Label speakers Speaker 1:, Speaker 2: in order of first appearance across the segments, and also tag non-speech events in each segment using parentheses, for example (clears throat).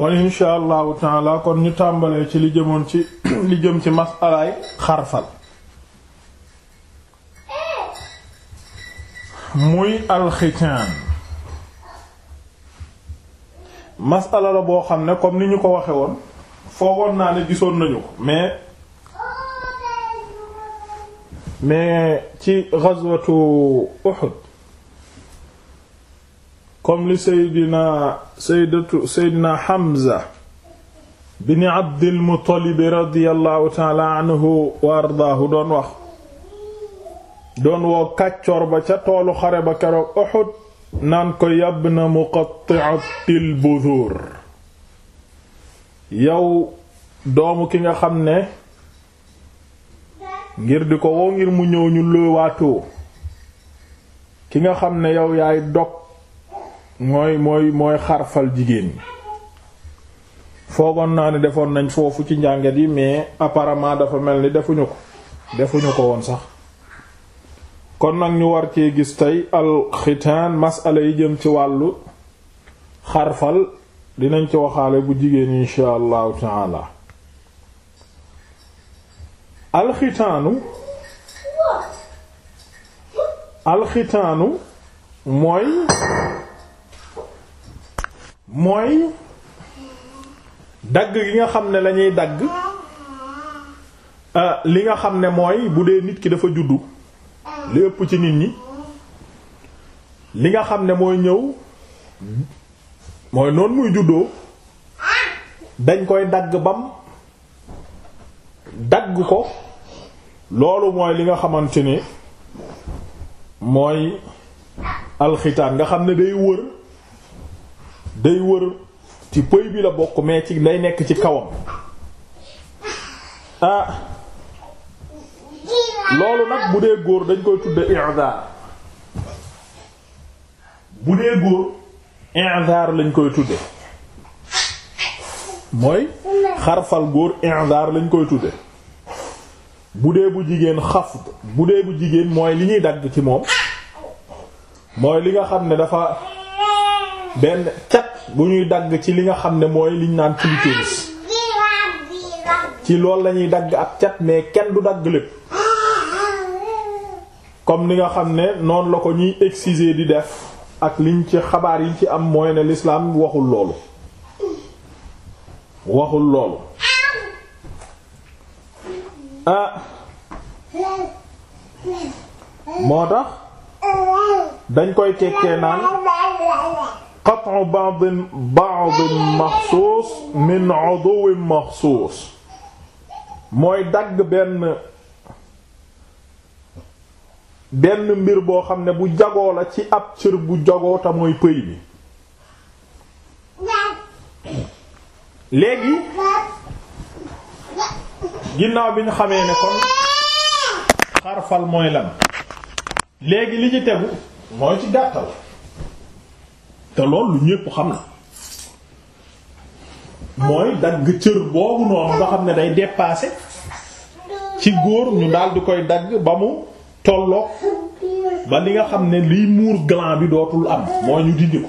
Speaker 1: kon insha allahu taala kon ñu tàmbalee ci li jëmoon ci (clears throat) li jëm ci masalaay xarfal muy alxitaan masala la boo xam ne comme ni ñu ko waxe woon foogoon naa ne gisoon nañu ko mais mais ci ghazwatu Uhud comme li seydina seydatu bin Abdil Muttalib radiyallahu taala anhu wa ardaahu doon wax doon woo kàccoor ba ca toolu xare ba keroog Uhud naan ko yab na muqatti'atil budur yow doomu ki nga xam ne ngir di ko woo ngir mu ñëw ñu loowaatoo ki nga xam ne yow yaay dog mooy mooy mooy xarfal jigéen ñi foogoon naa ni defoon nañ foofu ci njàngat yi mais apparemment dafa mel ni defuñu ko defuñu ko woon sax kon nag ñu war cee gis tey alxitaan masala yi jëm ci wàllu xarfal dinañ ci waxaale bu jigéen insha allahu taala alxitaanu alxitaanu mooy mooy dagg gi nga xam ne lañuy dagg euh, li nga xam ne mooy bu dee nit ki dafa juddu li ëpp ci nit ñi li nga xam ne mooy ñëw mooy noonu muy juddoo dañ koy dagg bam dagg ko loolu mooy li nga xamante ne mooy alxitaan nga xam ne day wër day wër ci pëy bi la bokk mais ci lay nekk ci kawam ah loolu nag bu dee góor dañ koy tudde i'dhar bu dee góor i'dhar lañ koy tudde mooy xarfal góor i'dhar lañ koy tudde bu dee bu jigéen xafd bu dee bu jigéen mooy li ñuy dagg ci moom mooy li nga xam ne dafa benn cat bu ñuy dagg ci li nga xam ne mooy liñ naan clitoris ci loolu lañuy dagg ab cat mais kenn du dagg lépp comme ni nga xam ne noonu la ko ñuy exciser di def ak liñ ci xabaar yi ci am mooy ne l'islam waxul loolu waxul loolu ah. moo tax dañ koy tekkee naan qat'u ba'd ba'd maxsuus min mooy dagg benn benn mbir boo xam ne bu jagoo la ci ab cër bu jagoo te mooy pëy bi léegi ginnaaw bi ñu xamee ne kon xarfal mooy lan léegi li ci tegu mooy ci gàttal te loolu ñépp xam na mooy dagg cër boobu noonu nga xam ne day dépasser ci góor ñu daal koy dagg ba mu tolloog ba li nga xam ne liy muur gland bi dootul am mooy ñu dindi ko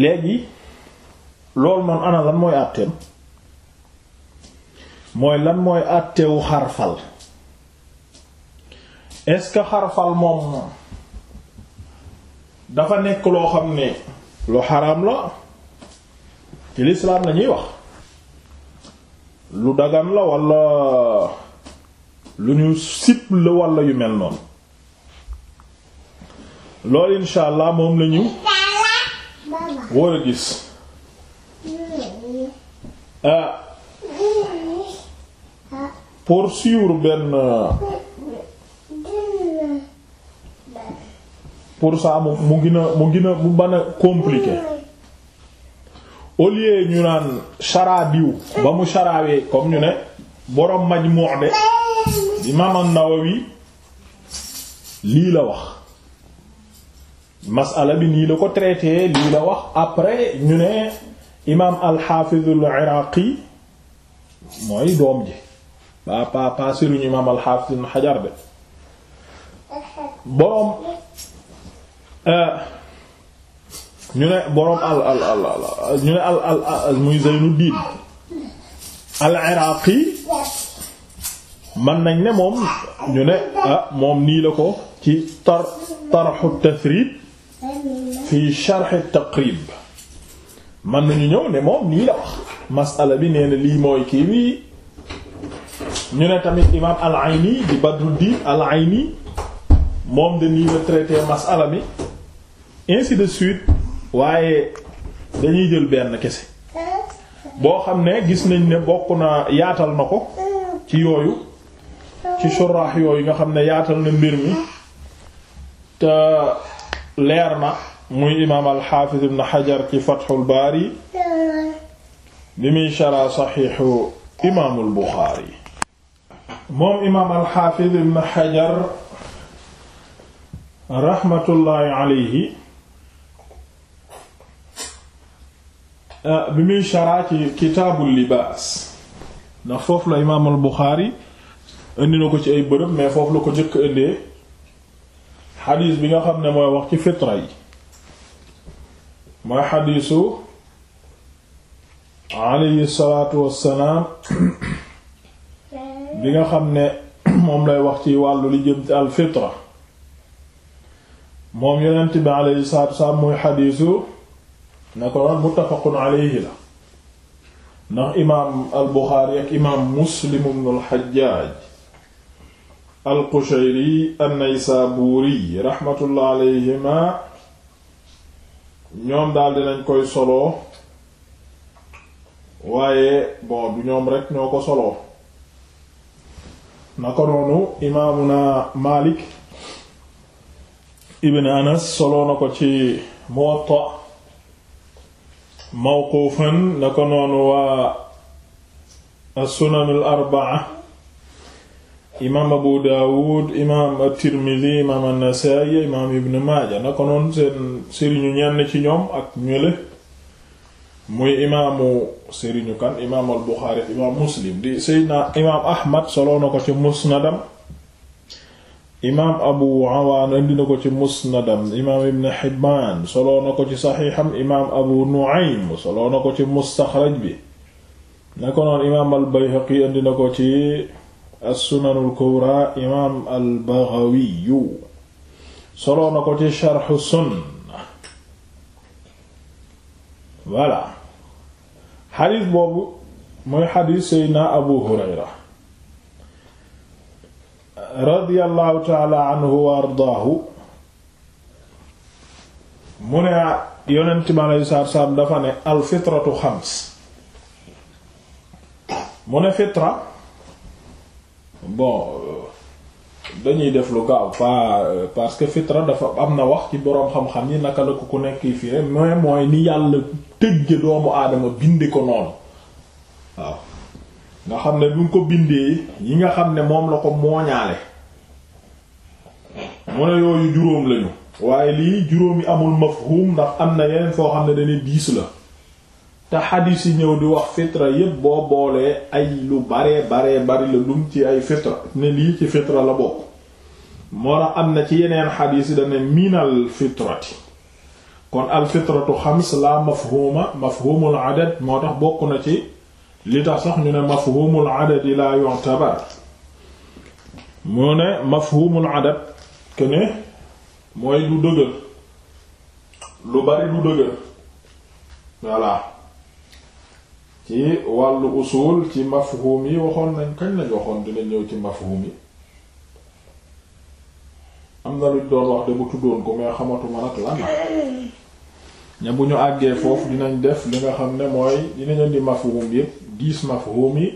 Speaker 1: léegi loolu noonu ana lan mooy àtteem mooy lan mooy àttewu xarfal est-ce que moom dafa nekk loo xam ne lu xaraam la ci lislaam la ñuy wax lu dagan la walla lu ñu sib la walla yu mel noonu loolu insha allah moom lañu war a gis euh, pour suivre benn pour ça mu mu gën a mu gën a compliqué au lieu ñu naan chara diw ba mu charawee comme ñu ne boroom Majmu' de imaam an-Nawawi lii la wax masala bi nii la ko traité lii la wax après ñu ne imaam al-Hafiz al-Iraqi mooy doom ji ba pa pa imaam al-Hafiz Ibn de borom Euh, ñu ne boroom al al al ñu ne al al muy Zaynuddin al Iraqi man nañ ne moom ñu ne ah moom nii la ko ci tar tarxu tasrib fi sharh taqrib man nañu ñëw ne moom nii la wax masala bi nee na lii mooy kii bi ñu ne tamit imam al Ayni di Badruddin al Ayni moom de nii la masala mi ainsi de suite waaye dañuy jël benn kese boo xam ne gis nañ ne bokk na yaatal na ko ci yooyu ci suraax yooyu nga xam ne yaatal na mbir mi te leer na muy imaam alxaafiz ibn xajar ci fatxul baari bi muy shara saxiixu imaamul buxaari moom imaam alxaafiz ibn xajar raxmatullaahi alayhi ah, bi muy sharaa ci kitaabul libaas ndax foofu la imaamul Buxaari indi na ko ci ay bërëb mais foofu la ko jëkk indee xadiis bi nga xam ne mooy wax ci fitra yi mooy nga xam ne moom lay wax ci wàllu li jëm ci al fitra moom yonent bi alayhi salaatu wasalaam muy na ko noon muttafaqun alayhi la ndax imaam al buxaari ak imaam muslim ibnu al xajjaaj al qushayri an naysaabuuri raxmatullah alayhima ñoom daal dinañ koy solo waaye bon ñoom rek ñoo ko solo na ko noonu imaamuna maalik ibn anas soloo na ko ci muwatta mawquufan na ko noonu waa as-sunan al-arba'a imaam abu daawud imaam at-tirmidhi imaam an-nasaa'i imaam ibn maaja na ko noonu seen sëriñu ñenn ci ñoom ak ñële muy imaamu sëriñu kan imaam al-buxaari imaam muslim di seydina imaam ahmad soloo na ko ci musnadam imaam abu awaan indi na ko ci musnadam imaam ibn Hibbaan soloo na ko ci saxiixam imaam abu nu'aym soloo na ko ci mustaxraj bi na ko noon imaam al bayhaqi indi na ko ci assunanul kubra imaam al baghawiyu soloo na ko ci sharxu sunna voilà xadiis boobu mooy xadiis seydna abu hurayra radiyallahu taala anhu wa ardaahu mu ne ah, yonent mi aleyhi salaatu dafa ne al fitratu xams mu ne fitra bon dañuy def lu gaaw parce que fitra dafa am na wax ci boroom xam-xam yi naka la ko ku nekk fii rek mooy mooy ni yàlla tëgge doomu aadama bindi ko noonu waaw nga xam ne bi ko bindee yi nga xam ne moom la ko mooñaale mu ne yooyu juróom lañu waaye lii juróom amul mafhum ndax am na yeneen foo xam ne dañuy diis la te xadiis yi ñëw di wax fitra yépp boo boolee ay lu baree baree bari la dum ci ay fitra ne lii ci fitra la bokk moo tax am na ci yeneen xadiis yi dane minal fitrati kon al fitratu xams la mafhuma mafhumul adad moo tax bokk na ci li tax sax ñu ne mafhumul adadi la yu'tabar mu ne mafhumul adad que mooy du dëgër lu bari du dëgër voilà ci wàllu usul ci mafhum yi waxoon nañ kañ lañ waxoon dina ñëw ci mafhum yi am na luñ doon wax de bu tuddoon ko mais xamatuma nag lan ña ñu àggee foofu dinañ def li nga xam ne mooy dinañu di mafhum yépp dix mafhum yi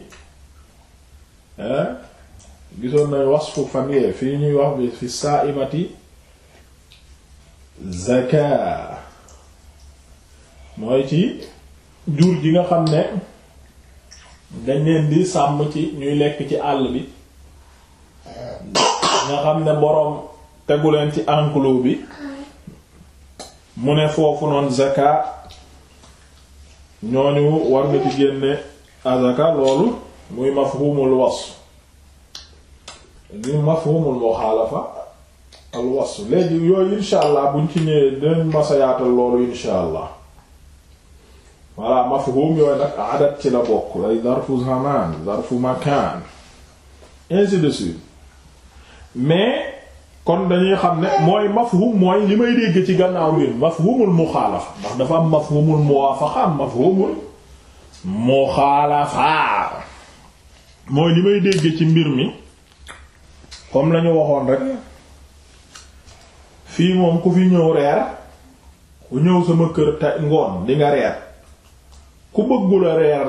Speaker 1: gisoon nañ wasfu famille fii ñuy wax bi fi saa'imati zaka mooy ci jur ji nga xam ne dañ leen di sàmm ci ñuy lekk ci àll bi nga xam ne boroom tegu leen ci enclos bi mu ne foofu noonu zaka ñooñu war nga ci génne azaka loolu muy mafhumul was di mafhumul muxaalafa al was léegi yooyu insha allah buñ ci ñëwee dinañ masa yaatal loolu insha allah voilà mafhum yooyu nag adat ci la bokk ay zarfu zaman zarfu makan ainsi de suite mais kon dañuy xam ne mooy mafhum mooy li may dégg ci gannaaw mbir mafhumul muxaalafa ndax dafa am mafhumul muwaafaqa am mafhumul muxaalafa mooy ni may dégge ci mbir mi comme lañu waxoon rek fii moom ku fi ñëw reer ku ñëw sama kër te ngoon di nga reer ku bëggula reer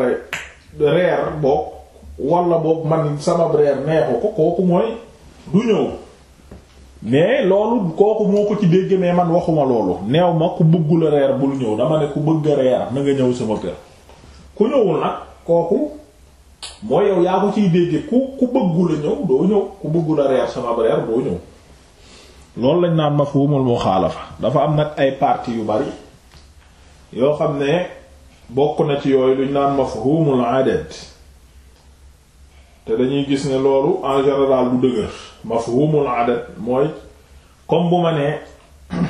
Speaker 1: reer boog walla boog man sama reer neexu ko kooku mooy du ñëw mais loolu kooku moo ko ci dégg mais man waxuma loolu neew ma ku bëggula reer bul ñëw dama ne ku bëgg a reer na nga ñëw sama kër ku ñëwul nag kooku mooy yow yaa ko ciy dégg ku ku bëggu ñëw doo ñëw ku bëggu reer sama reer doo ñëw loolu lañ naan mafhumul muxaalafa dafa am nag ay parti yu bari yoo xam ne bokk na ci yooyu luñ naan mafhumul adad te dañuy gis ne loolu en général du dëgër mafhumul adad mooy comme bu ma nee (clears throat)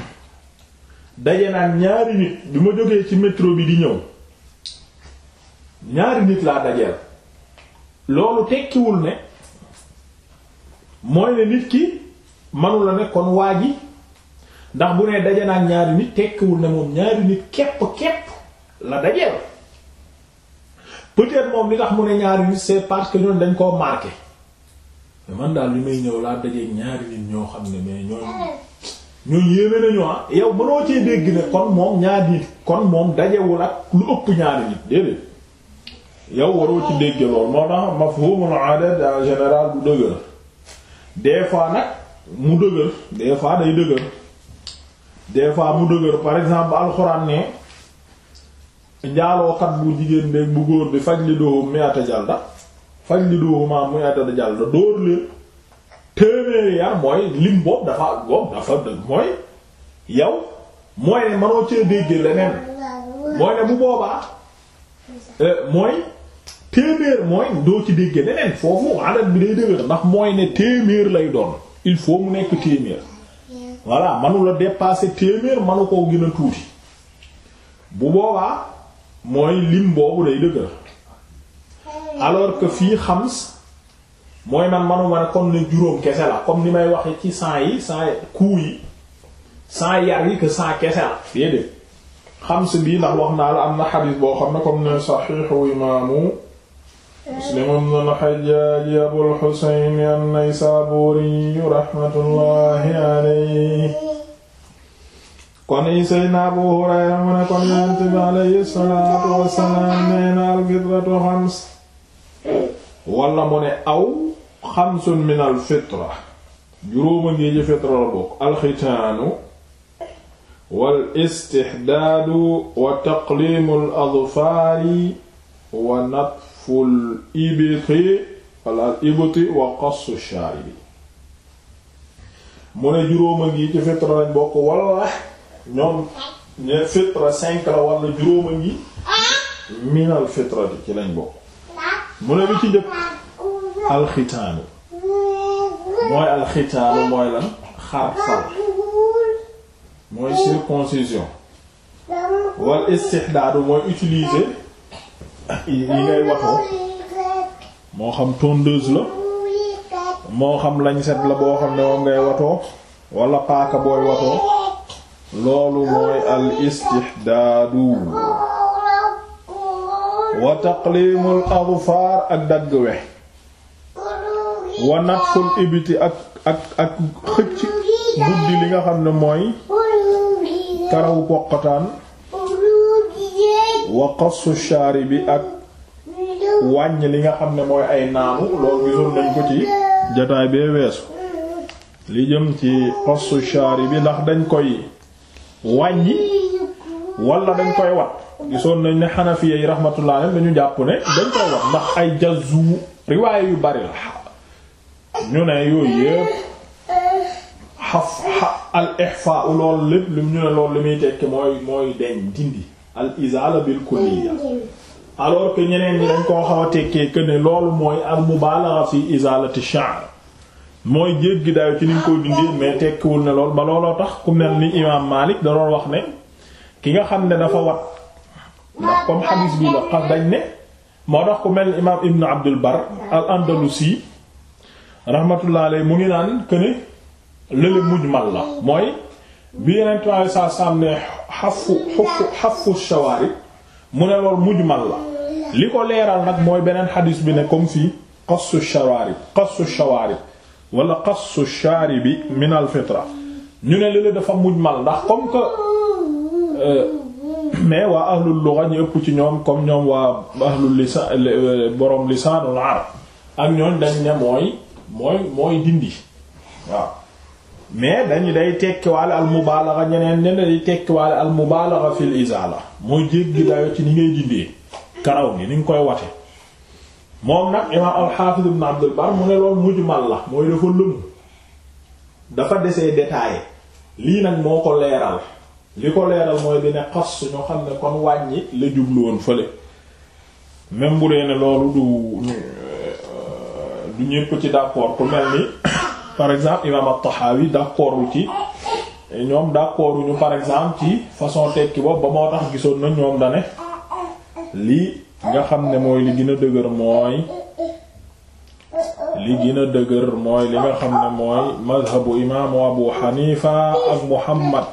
Speaker 1: daje naan ñaari nit bi ma jógee ci métro bi di ñëw ñaari nit laa dajeel loolu tekkiwul ne mooy ne nit ki manu la ne kon waa ji ndax bu ne daje naa ñaari nit tekkiwul ne moom ñaari nit képp képp la dajeel peut-être moom li tax mu ne ñaari nit c'est parce que ñoom dañ koo marqué man daal li may ñëw laa dajee ñaari nit ñoo xam ne mais ñooñu ñooñu yéeme nañu ah yow mënoo cee dégg ne kon moom ñaari nit kon moom dajewul ak lu ëpp ñaari nit déedéet. yow waroo ci dégg lool moo tax mafhumul adad en général du dëgër des nag mu dëgër des fois day dëgër des mu dëgër par exemple alxuraan ne njaalookat bu jigéen beeg bu góor bi faj li doohum mi ata jalda faj li doohumaa muy ata jalda dóor leen téeméeri yar mooy lim boobu dafa boobu dafa mooy yow mooy ne manoo cee dégg leneen mooy ne bu boobaa euh, mooy téeméer mooy doo ci déggee leneen foofu adad bi day dëgër ndax mooy ne téeméer lay doon il faut mu nekk téeméer voilà manula la dépasser téeméer manu koo gën a tuuti bu boobaa mooy lim boobu day dëgër alors que fii xams mooy man manuma ne ne juróom kese la comme ni may waxe ci cent yi cent kuu yi cent yar yi que cent kese la déedéet xams bii ndax wax naa la am na xadiis boo xam ne comme ne saxiixu imaamu Muslim ibn al-Hajjaj Abul Husayn an-Naysaburi rahmatullahi alayhi kon i Seydina Abu Hurayra mu ne kon Yonent bi alayhi salaatu wassalaam nee na al-fitratu xams wala mu ne aw xamsun min al-fitra juróoma ngi ci fitra la bokk alxitaanu wal istihdaadu wa taqliimu al-adfaari wa natf kaful ibiti walla al ibiti wa qassu mu ne juróoma ngi ci fitra lañ bokk walla ñoom ne fitra cinq la walla juróoma ngi minal fitra ci lañ bokk mu ne bi ci njëkk alxitaanu
Speaker 2: mooy alxitaanu mooy
Speaker 1: lan xar sal mooy circoncision wal istihdaadu mooy utiliser yi ngay waxoo moo xam tondeuse la moo xam set la boo xam ne moom ngay watoo wala paaka booy watoo loolu mooy al istihdaadu wa taqlimul adfar ak dagg we wa natful ibiti ak ak ak xëcc guddi li nga xam ne mooy karawu poqataan wa qassu bi ak wàññi li nga xam ne mooy ay naanu loolu gisoon nañ ko ci jataay bee weesu li jëm ci qassu bi ndax dañ koy wàññi wala dañ koy wax gisoon nañ ne xanafiya yi rahmatullah dañu jàpp ne dañ koy wat ndax ay jazzu riwaay yu bari la ñu ne yooyu yépp xaf al ixfaa loolu lépp lu ñu li muy tekki mooy mooy deñ dindi al izala bil ñeneen ñi dañ koo xaw a tekkee que ne loolu mooy al mubalagha fi izalati sha'r mooy jéggi daaw ci niñ koy dindee mais tekkiwul ne lool ba looloo tax ku mel ni imaam Maalik da wax ne ki nga xam ne dafa wat
Speaker 2: ndax comme xadiis bi la
Speaker 1: xam dañ ne moo tax ku mel ni imaam Ibn Abdul Bar al Andalusi rahmatullah mu ngi naan que ne lële mujmal la mooy. bi yeneen tubaab saa saam ne xafu xufu xafu shawaarib mu ne loolu mujmal la li ko leeral nag mooy beneen xadis bi ne comme fii qassu shawaarib qassu shawaarib wala qassu shaaribi min al fitra ñu ne lële dafa mujmal ndax comme que euh, mais waa ahlul lugha ñu ëpp ci ñoom comme ñoom waa ahlul lisaan euh, borom lisaanul ak ñooñ dañ ne mooy mooy dindi waaw. mais dañu day tekkiwaale al mubaalaxa ñeneen ñeneen day tekkiwaale al mubaalaxa fil izaala mooy jéggi dayo ci ni ngay jindee karaw gi ni nga koy wate moom nag imaam al-Hafiz ibn Abdul Bar mu ne loolu mujmal la mooy dafa lëmu dafa desee détaillé lii nag moo ko leeral li ko leeral mooy di ne xas ñu xam ne kon wàññi la jubluwoon fële même ne loolu euh, du ñépp ci d'accord ku mel ni par exemple imaam at-Tahawi d'accordul ci ñoom wu ñu par exemple ci façon tekki boobu ba moo tax gisoon nañ ñoom dane lii nga xam ne mooy li gën a dëgër mooy li gën a dëgër mooy li nga xam ne mooy mazhabu imaamu abu xanifa ak muhammad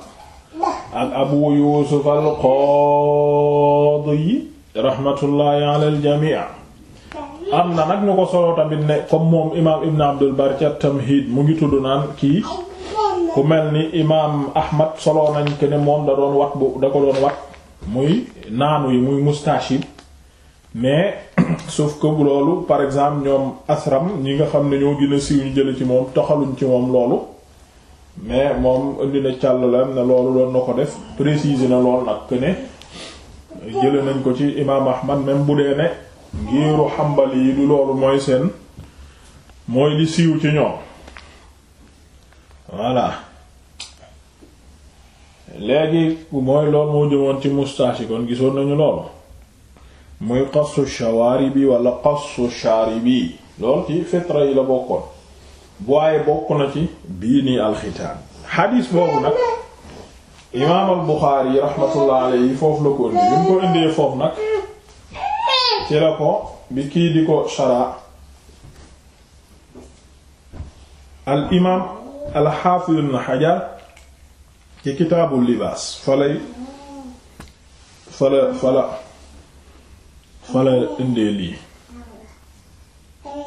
Speaker 1: ak abu yusuf al-Qadi rahmatullahi ala al-jami' am na nag ñu ko solo tamit ne comme moom imaam Ibn Abdul Barr ci Tamhid mu ngi tudd naan kii ku mel ni imaam Ahmad solo nañ ko ne moom da doon wat da ko doon muy naanu yi muy mustashib mais suuf (clears throat) que loolu par exemple ñoom asram ñi nga xam ne ñoo gën a siiw ñu jële ci moom toxaluñ ci moom loolu mais moom indi na càll la am loolu doon na ko def préciser na lool nag que ne jële nañ ko ci imaam Ahmad même bu dee ne. ngiiru xambali yi du loolu mooy seen mooy li siiw ci ñoom voilà léegi mooy lool moo jëmoon ci moustache kon gisoon nañu loolu muy qasu shawaaribi wala qasu bi lool ci fitra yi la bokkoon bu waaye bokk na ci bii nii alxitaan xadiis boobu nag imaam al Buxaari rahmatullah alayhi la ko indi bi ko indee foofu nag ci la ko bi kii di ko shara al imaam al xaafiz ibn Hajar ci kitaabul libaas falay fala fala fala indee lii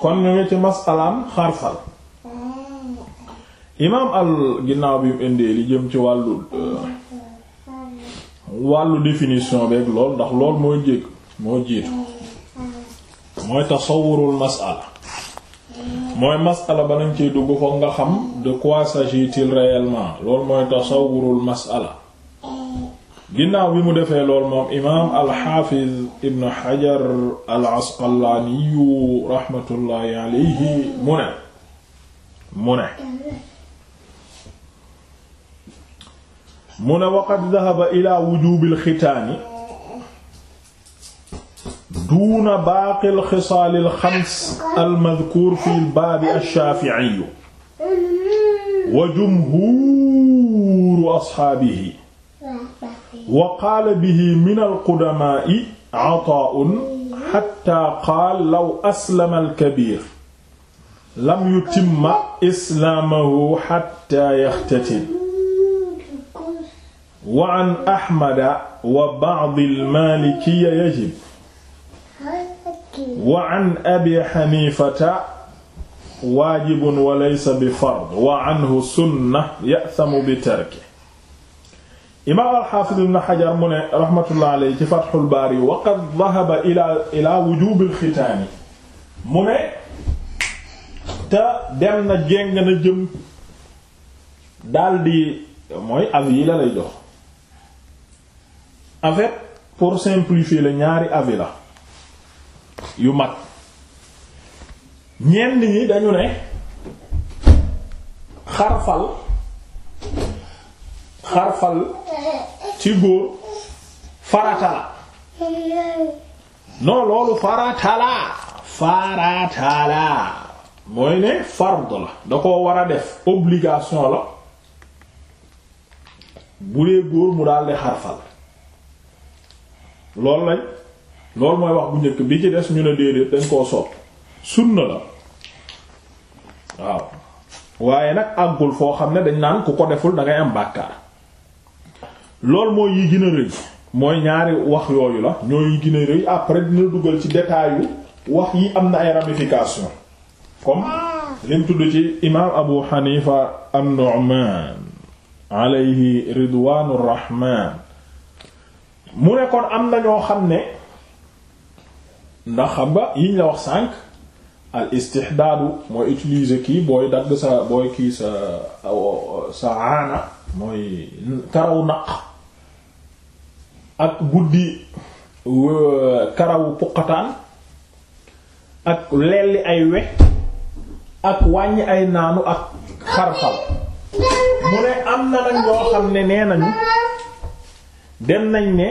Speaker 1: kon ñu ngi ci masalaam xarfal imaam al ginnaaw bi mu indee li jëm ci wàllu wàllu définition beeg lool ndax lool moo jég moo jiitu mooy tasawurul masala mooy masala ba nañ ciy dugg xam de quoi s'agit-il réellement loolu mooy tasawurul masala ginnaaw bi mu defee lool moom imaam alxaafiz ibn xajar al asqalaaniyu raxmatullaahi aleyhi mu ne mu ne mu ne waqad dahaba ila wujubil xitaani duuna baaqil xisaalil xams almadkuur fi baabi ashaafi'i wa jumhuuru asxaabihi wa qaala bihi minal qudamaa'i ataa'un xattaa qaala law aslama alkabiir lam yutimma islaamahu xattaa yaxtatim wa an axmada wa ba'dil maalikiyya yajib waa an abi xanifata waajibun wa laysa bi fard wa anhu sunna ya'samu bi tarki imaam alxaafid ibn xajar mu ne raxmatullah alayhi ci fatxul baari wa qad ila ila wujubil mu ne te dem na na jëm daldi mooy avis la lay jox en pour simplifier la ñaari avis yu mag ñenn ñi dañu ne xarfal xarfal ci góor faratala non loolu faratala faratala mooy ne fard la da ko war a def obligation la bu dee góor mu daldi di xarfal loolu lañ lool mooy wax bu njëkk bi ci des ñu ne déedéet dañ koo sopp sunna la waaw waaye nag àggul foo xam ne dañ naan ku ko deful da ngay am bàkkaar loolu mooy yi gën a rëy mooy ñaari wax yooyu la ñooy yi gën a rëy après dina dugal ci détail wax yi am na ay ramification comme lim tudd ci imaam Abu Hanifa an-Nu'man alayhi ridwaanur rahmaan mu ne kon am na ñoo xam ne ndax ba nga yiñ la wax sànq al istihdaadu mooy utiliser kii booy dagg sa booy kii sa sa aana mooy karaw naq ak guddi karawu puqataan ak lelli ay we ak wàññi ay naanu ak xarfal mu ne am na nag ñoo xam ne nee nañu dem nañ ne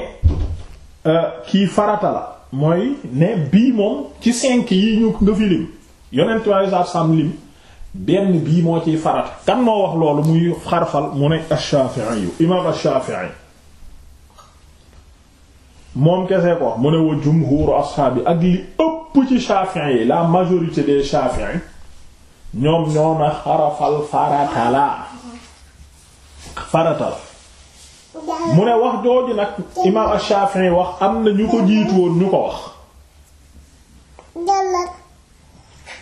Speaker 1: euh, kii farata la mooy ne bii moom ci cinq yi ñu nga fi lim yonent waayu saab sam lim benn bii moo ci farata kan moo wax loolu muy xarfal mu ne ash-Shafi'i yu imaam ash-Shafi'i moom kese ko mu ne wa jumhuru ashaabi ak li ëpp ci Shafi'i yi la majorité des Shafi'i ñoom ñoo na xarafal farata mu ne wax jooju nag imaam Ash-Shafi'i wax am na ñu ko jiitu woon ñu ko wax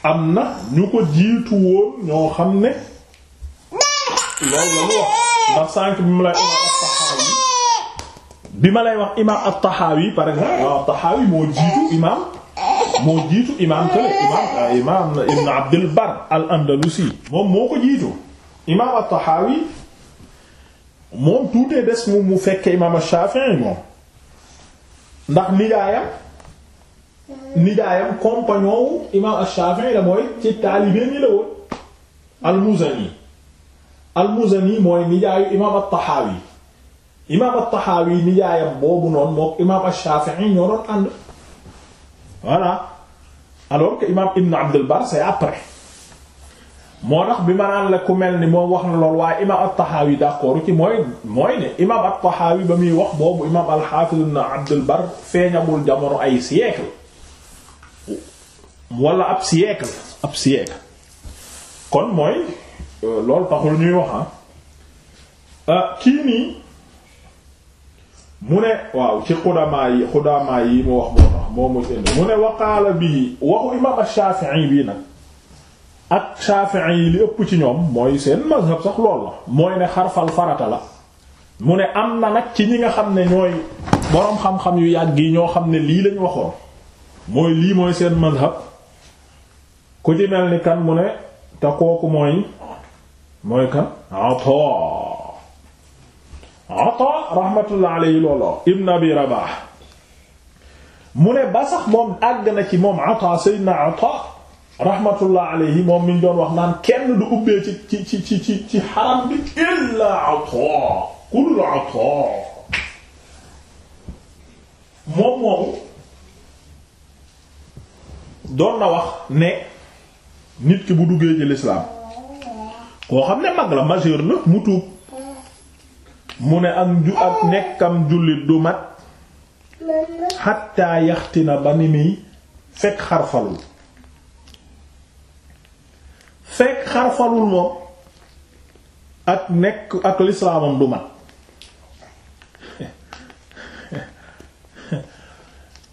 Speaker 1: am na ñu ko jiitu woon ñoo xam ne loolu wax ndax sànq bi mu lay imaam At-Tahawi bi ma lay wax imaam At-Tahawi par exemple imaam At-Tahawi moo jiitu imaam moo ah, imaam Ibn Abdul Barr al-Andalusi moom moo ko jiitu imaam At-Tahawi moom tuutee des mu mu fekkee imaam Shafi'i moom ndax nijaayam nijaayam compagnon wu imaam Shafi'i la mooy ci taalibe ni la woon al-Muzani al-Muzani mooy nijaayu imaam at-Tahawi imaam at-Tahawi nijaayam boobu noonu mook imaam Shafi'i ñoo doon ànd voilà alors que imaam Ibn Abd al-Barr c'est après moo tax bi ma la ku mel ni moo wax na lool waaye imaam at-Tahawi d'accord ci mooy mooy ne imaam at-Tahawi ba muy wax boobu imaam al-Hafiz ibn Abd jamono ay siècle wala ab siècle ab siècle kon mooy euh, loolu taxul ñuy wax ah euh, kii nii mu ne waaw ci xudamaa yi xudamaa yi mu wax moo moo mu indi mu ne waqaala bii waxu imaam ash-Shafi'i bii nag ak Shafi'i yi li ëpp ci ñoom mooy seen mazhab sax lool la mooy ne xarfal farata la mu ne am na nag ci ñi nga xam ne ñooy boroom xam-xam yu yàgg yi ñoo xam ne lii lañ waxoon mooy lii mooy seen mazhab ku ci mel ni kan mu ne te kooku mooy mooy kan Ata Ata rahmatullah alayhi looloo ibn Abi mu ne ba sax moom àgg na ci moom Ata sayyidina Ata rahmatullah alayhi moom mi ñu doon wax naan kenn du ubbee ci ci ci ci ci ci xaram bi illa ata kullu doon na wax ne nit ki bu duggee ci lislaam koo xam ne mag la majeur la mu tuub mu ne am ju ak nekkam jullit du mat xatta yaxtina ba ni muy fekk xarfalul fekk xarfalul moom ak nekk ak lislaamam du mat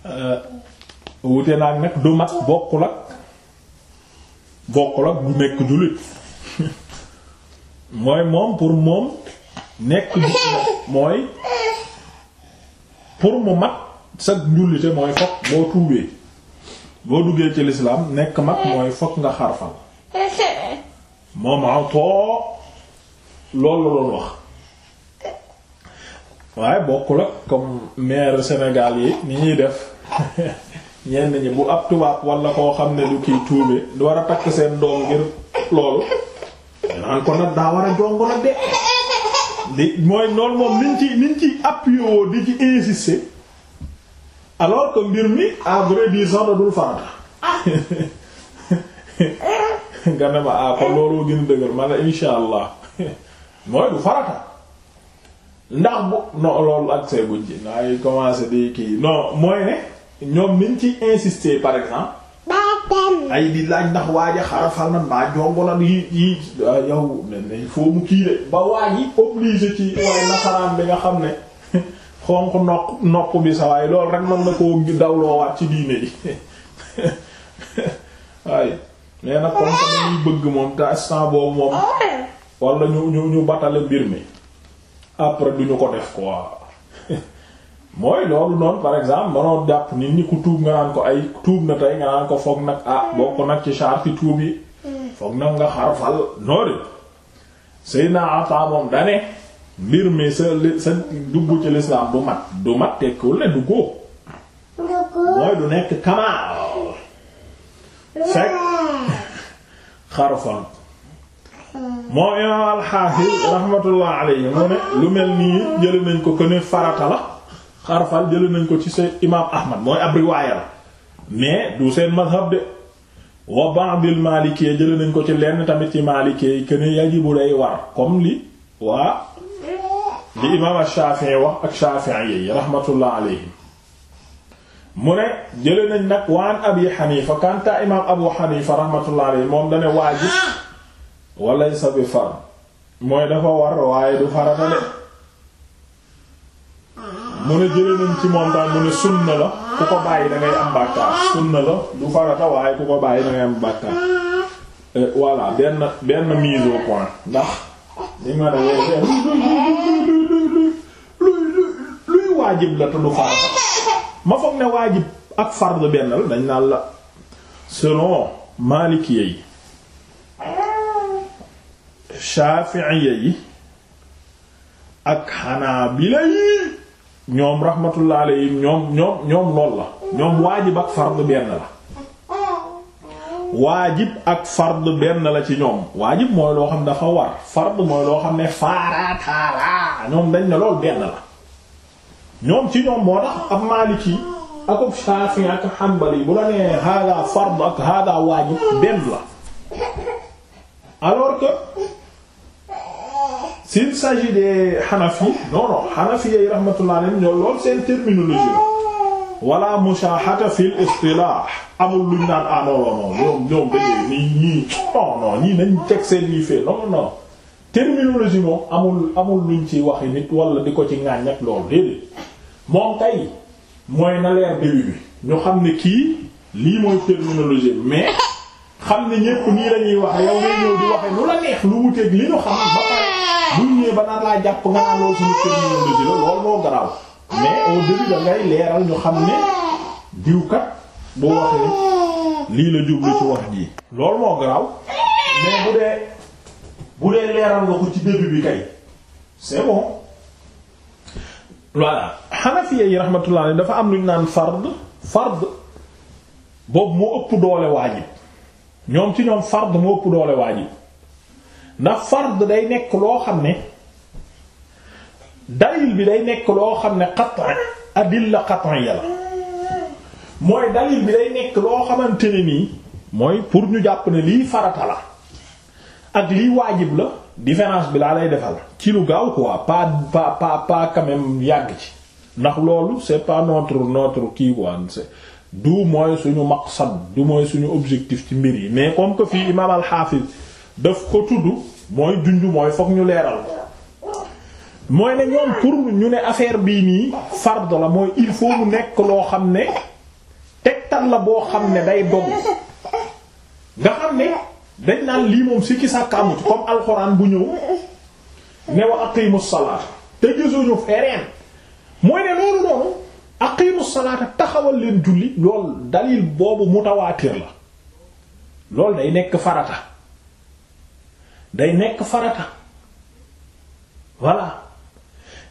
Speaker 1: euh, wute naa nag du mat bokkul ak bokkul ak du nekk jullit (laughs) mooy moom pour moom nekk mooy pour mu mat sa njullite mooy fokk boo tuubee boo duggee ci lislaam nekk mag mooy fokk nga xarfal (laughs) moom atoo loolu la doon wax waaye bokk la comme maire Sénégal yi ni ñuy def ñenn ñi bu ab tubaab wala koo xam ne du kiy tuube du war a takk seen doom ngir loolu naan ko nag daa war a jongo nag de di mooy noonu moom niñ ci niñ ci appuyé di ci insister alors que mbir mi à vrai dire dul farata (laughs) (laughs) nga ne ma ah kon eh? gën a dëgër ma ne insha
Speaker 2: (laughs)
Speaker 1: mooy du farata ndax bu non loolu ak see guñ ci naa ngi kii non mooy ne ñoom niñ ci insister par exemple.
Speaker 2: ndax
Speaker 1: waaj a ah, ba waaj yi obligé ci waaye nasaraan bi nga xam ne (laughs) xonq noq noq bi sa waaye loolu rek man na koo dawloowaat ci diine ji waaye nee na comme que bëgg moom te instant boobu moom ah wala ñu ñu ñu batale mbir mi après duñu ko def quoi (laughs) mooy loolu noonu par exemple manoo jàpp nit ñi ku tuub nga naan ko nga naan ko foog nag ah hmm. bokk nag ci charti tuub yi hmm. foog moom dane mbir mi sa sa dugg ci l'islam du mat du mat tekkiwul ne duggoo
Speaker 2: mooy du nekk kamaal fekk
Speaker 1: xarafan moo imaam alxaafis rahmatullah alayhi mu lu mel nii jëli nañ ko ko ne farata la xarafal jëli nañ ko ci seen imaam ahmad mooy ab riwaaya la mais du seen mazhab de wa ba'dil maalikee jëli nañ ko ci lenn tamit ci maalikee que yajibu day war comme li waa li imaam al wax ak shaafi'i yi rahmatullah alayhi mu ne jële nañ nag waan abi xanifa kanta imaam abu xanifa rahmatullah alayhi moom dane waajib walay sa bi fard mooy dafa war waaye du farata de mu ne jële ci moom daal mu ne sunna la ku ko bàyyi da ngay am bàkkaar sunna la du farata waaye ku ko bàyyi da am bàkkaar euh, voilà benn benn mise point ndax li nga ne luy waajib la te du farata ma foog ne waajib ak fard benn la dañ naan la selon maalikiya yi shaafiiya yi ak xanaabila yi ñoom rahmatullah alayhim ñoom ñoom ñoom lool la ñoom waajib ak fard benn la waajib ak fard benn la ci ñoom waajib mooy loo xam dafa war fard mooy loo xam ne
Speaker 2: faaraataala
Speaker 1: ñoom dañ ne lool benn la ñoom ci ñoom moo tax ab Maliki ak ab Shafi'i ak Hanbali bu la nee hada fard ak hada waajib benn la alors que s'il s'agit des Hanafi non non yi rahmatullah alayhim ñoo lool seen terminologie wala mushahata fil istilah amul luñ naan ah non ñoom ñoom dañuy ñii non ñii nañ teg seen yi fee non terminologie moom amul amul luñ ci waxi nit wala di ko ci ŋàññ ak loolu déedéet moom tey mooy na leer début bi ñu xam ne kii lii mooy terminologie mais xam ne ñépp nii lañuy wax yow lu la neex lu wuteeg li ñu xam ba pare buñ ñëwee ba naan jàpp nga naan loolu suñu terminologie la loolu moo garaaw mais au début xam ne diwkat bu
Speaker 2: waxee
Speaker 1: lii la jublu ci wax ji loolu moo garaaw mais bu dee bu dee leeral nga ko ci début bi kay c'est bon xanafiya yi rahmatullah dafa am lu ñu naan fard fard boobu mu ëpp doole waajib ñoom ci ñoom fard moo ëpp doole waajib ndax fard day nekk loo xam ne dalil bi day nekk loo xam ne qat'i la mooy dalil bi day nekk loo xamante ni nii mooy pour ñu jàpp ne lii farata la ak lii waajib la différence bi laa lay defal ci lu gaaw quoi pas pas pas pas quand yàgg ci ndax loolu c'est pas notre notre kii quoi c'est du mooy suñu maqsad du mooy suñu objectif ci mbir yi mais comme que fii imaam al-Hafiz daf ko tudd mooy junj mooy fokk ñu leeral mooy ne ñoom pour ñu ne affaire bii nii fard la mooy il faut mu nekk loo xam ne tegtal la boo xam ne day dog nga xam ne dañ naan lii moom sikki sàkk amu ci comme alxuraan bu ñëw ne wa aqimu salaata te gisuñu fereen mooy ne loolu noonu aqimu salaata taxawal leen julli loolu dalil boobu mutawaatir la loolu day nekk farata day nekk farata walla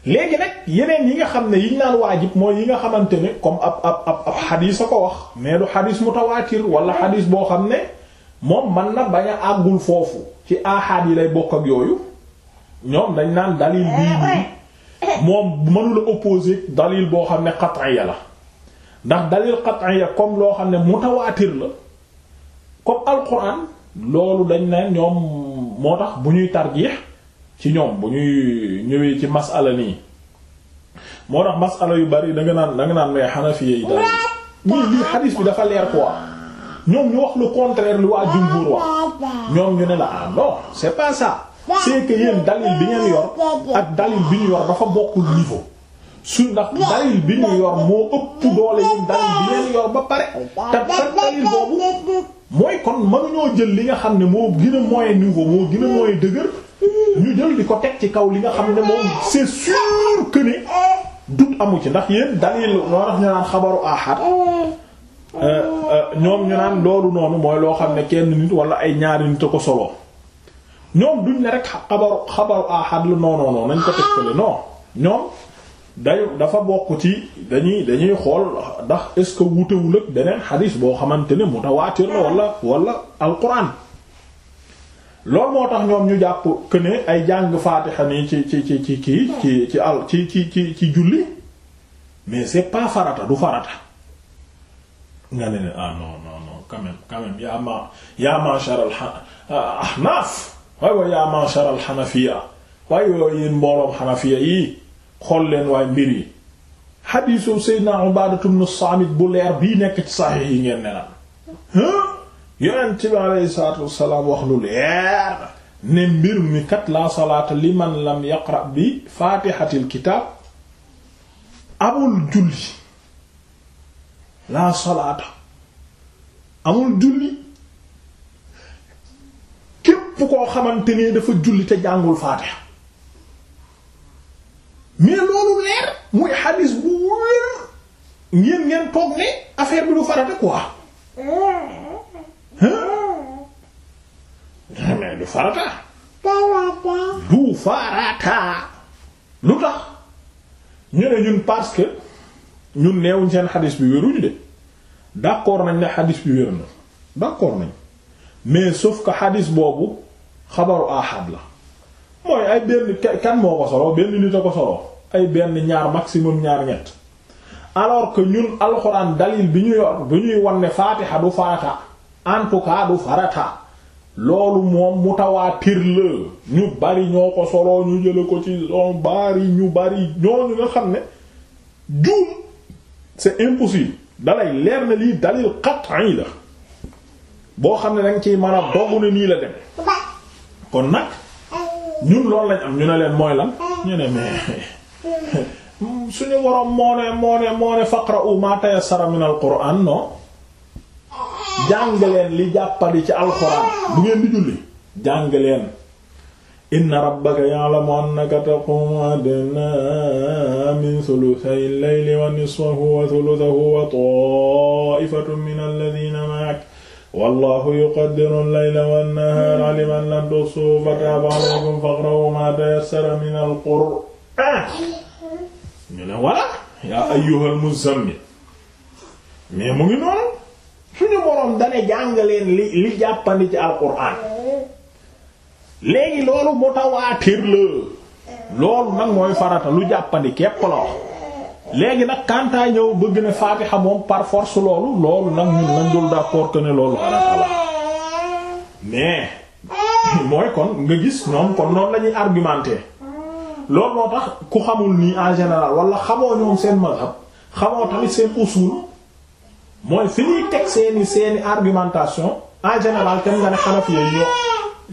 Speaker 1: léegi nag yeneen yi nga xam ne yiñ naan waajib mooy yi nga xamante ne comme ab ab ab ab xadiis a ko wax mais du xadiis mutawaatir wala xadiis boo xam ne moom man na bañ a àggul foofu ci aaxaat yi lay bokk ak yooyu ñoom dañ naan dalil eh, bii moom mënula opposer dalil boo xam ne qat'iyya la ndax dalil qat'iyya comme loo xam ne mutawaatir la comme alquran loolu dañ ne ñoom moo tax bu ñuy tarjiix ci ñoom bu ñuy ñëwee ci masala nii moo tax masala yu bari da naan da nga naan mais xanafiye yi dafa leer quoi ñoom ñu wax le contraire lu waa ah, jumhur wax ñoom ñu ne la ah non c'est pas ça c'est que yéen dalil bi ngeen yor ak dalil bi ñu yor dafa bokkul niveau su ndax dalil bi ñu yor moo ëpp doole yéen dalil bi ngeen ba pare te te dalil boobu mooy kon mënuñoo jël li nga xam ne moo gina a moyen niveau moo gën a dëgër ñu jël di ko teg ci kaw li nga xam ne moom c'est sûr que ne eh. dut amu ci ndax yéen dalil noo tax ñu naan xabaru ahad eh. Euh, euh, ñoom ñu naan loolu noonu mooy loo xam ne kenn nit wala ay ñaari nit a ko soloo ñoom duñ ne rek xabaru xabaru ahad la non nañ ko teg fële ñoom dañu dafa bokk ci dañuy dañuy xool ndax est-ce que wutewul ak beneen boo xamante ne mu mutawaatir la wala wala alquran loolu moo tax ñoom ñu jàpp que ay jàng faatixa nii ci ci ci ci ci ci ci ci ci ci julli mais c'est pas farata du farata. nga ne ne ah non non non quand même quand même yaa ma yaa mashar al ah, ahnaf waay waay yaa mashar al hanafiya waay waay yéen mbooloom hanafiya yi xool leen waay mbir yi xadiisu Seydina Ubaadatu ibn Saamit bu leer bii nekk ci saxiix yi ngeen ne la yonent bi alayhi salaatu wassalaam wax lu leer ne mbir mi kat laa salaata liman lam yaqra bi faatihatil kitaab amul julli la salaata amul julli képp koo xamante ne dafa julli te jàngul faatiha mais loolu leer muy xadis bu wér ngeen ngeen toog ne affaire bi du farata quoi mais du
Speaker 2: farata
Speaker 1: lu tax ñu ne ñun parce que ñun neewuñ seen xadis bi wéruñu de d'accord nañ ne xadis bi wér na d'accord nañ mais sauf que xadis boobu xabaru ahad la mooy ay benn kan moo ko soloo benn nit a ko ay benn ñaar maximum ñaar ñett alors que ñun alxuraan dalil bi ñu yor bi ñuy wan ne faatiha du farata en du farata loolu moom mutawaatir la ñu bari ñoo ko soloo ñu jële ko ci on bari ñu bari ñooñu nga xam ne juum c'est impossible dalay leer na lii dalil qat'i la boo xam ne danga ciy mën a dogg ne nii la dem kon nag ñun loolu lañ am ñu ne leen mooy lan ñu ne (laughs) suñu waroom moo ne moo ne moo ne faqra'u ma tayassara min al-Qur'an non jàng leen li jàppali ci alxuraan bu ngeen di julli jàng leen inna rabbaka ya'lamu annaka taqumu adnaa min thuluthay al-layli wa nisfahu wa thuluthahu wa taa'ifatun min alladhina ma'ak wallahu yuqaddiru al-layla wan-nahaara 'alima an lan tuhsuhu fataaba 'alaykum faqra'u maa tayassara min al-qur'aan ñu ne wala yaa ayyuhal muzzammil mais mu ngi noonu suñu boroom dana jàngaleen li li jàppandi ci al-qur'aan léegi loolu mutawaatir la loolu nag mooy farata lu jàppandi képp la wax léegi nag kantaa ñëw bëgg ne faatiha moom par force loolu loolu nag ñun nañ dul d'accord que ne loolu farata la mais (laughs) mooy kon nga gis ñoom kon noonu lañuy argumenter loolu moo tax ku xamul nii en général wala xamoo ñoom seen mazhab xamoo tamit seen usul mooy fi ñuy teg seeni seeni argumentation en général tam nga ne xanafi yooyu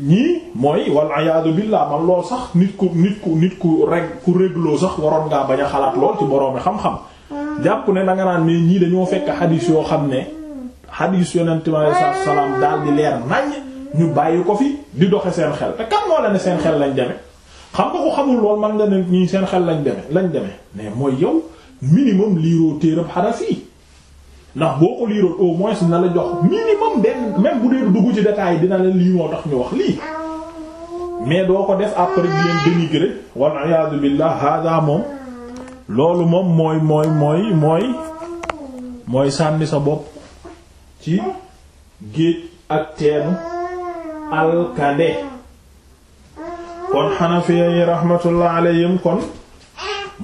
Speaker 1: ñii mooy wal ayaadu billah man lool sax nit ku nit ku nit ku reg ku régloo sax waroon ngaa bañ a xalaat lool ci boroomi xam-xam jàpp ne da nga naan mais ñii dañoo fekk xadiis yoo xam ne xadiis yonent mi alayhi salaatu salaam daal di leer naññ ñu bàyyi ko fi di doxe seen xel te kan moo la ne seen xel lañ demee xam nga ko xamul lool man nga ne ñii seen xel lañ demee lañ demee mais mooy yow minimum liiroo téerab xaraf yi ndax boo ko liiroon au moins na la jox minimum benn même bu dee dugg ci détail dina la lii moo tax ñu wax lii mais doo ko def après di leen dénigrer wal iyaadu billah hada moom loolu moom mooy mooy mooy sànni sa bopp ci géej ak teenu alkande kon xanafiya yi rahmatullah alayhim kon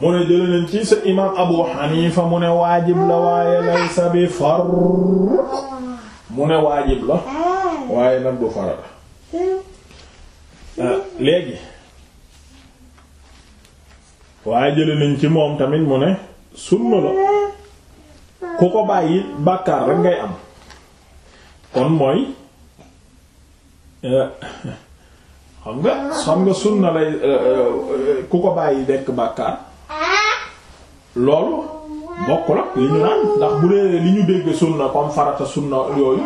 Speaker 1: mu ne jëlee nañ ci sa imaam Abu Hanifa mu ne waajib la waaye laysa bi far
Speaker 2: mu
Speaker 1: ne waajib la waaye nag du farata ah, léegi waaye jëlee nañ ci moom tamit mu ne sunna la ku ko bàyyi bàkkaar rek ngay am kon mooy eh, xam nga xam nga sunna lay eh, eh, ku ko bàyyi dekk bàkkaar loolu bokkul ak li ñu naan ndax bu dee li ñu dégg sunna comme farata sunna yooyu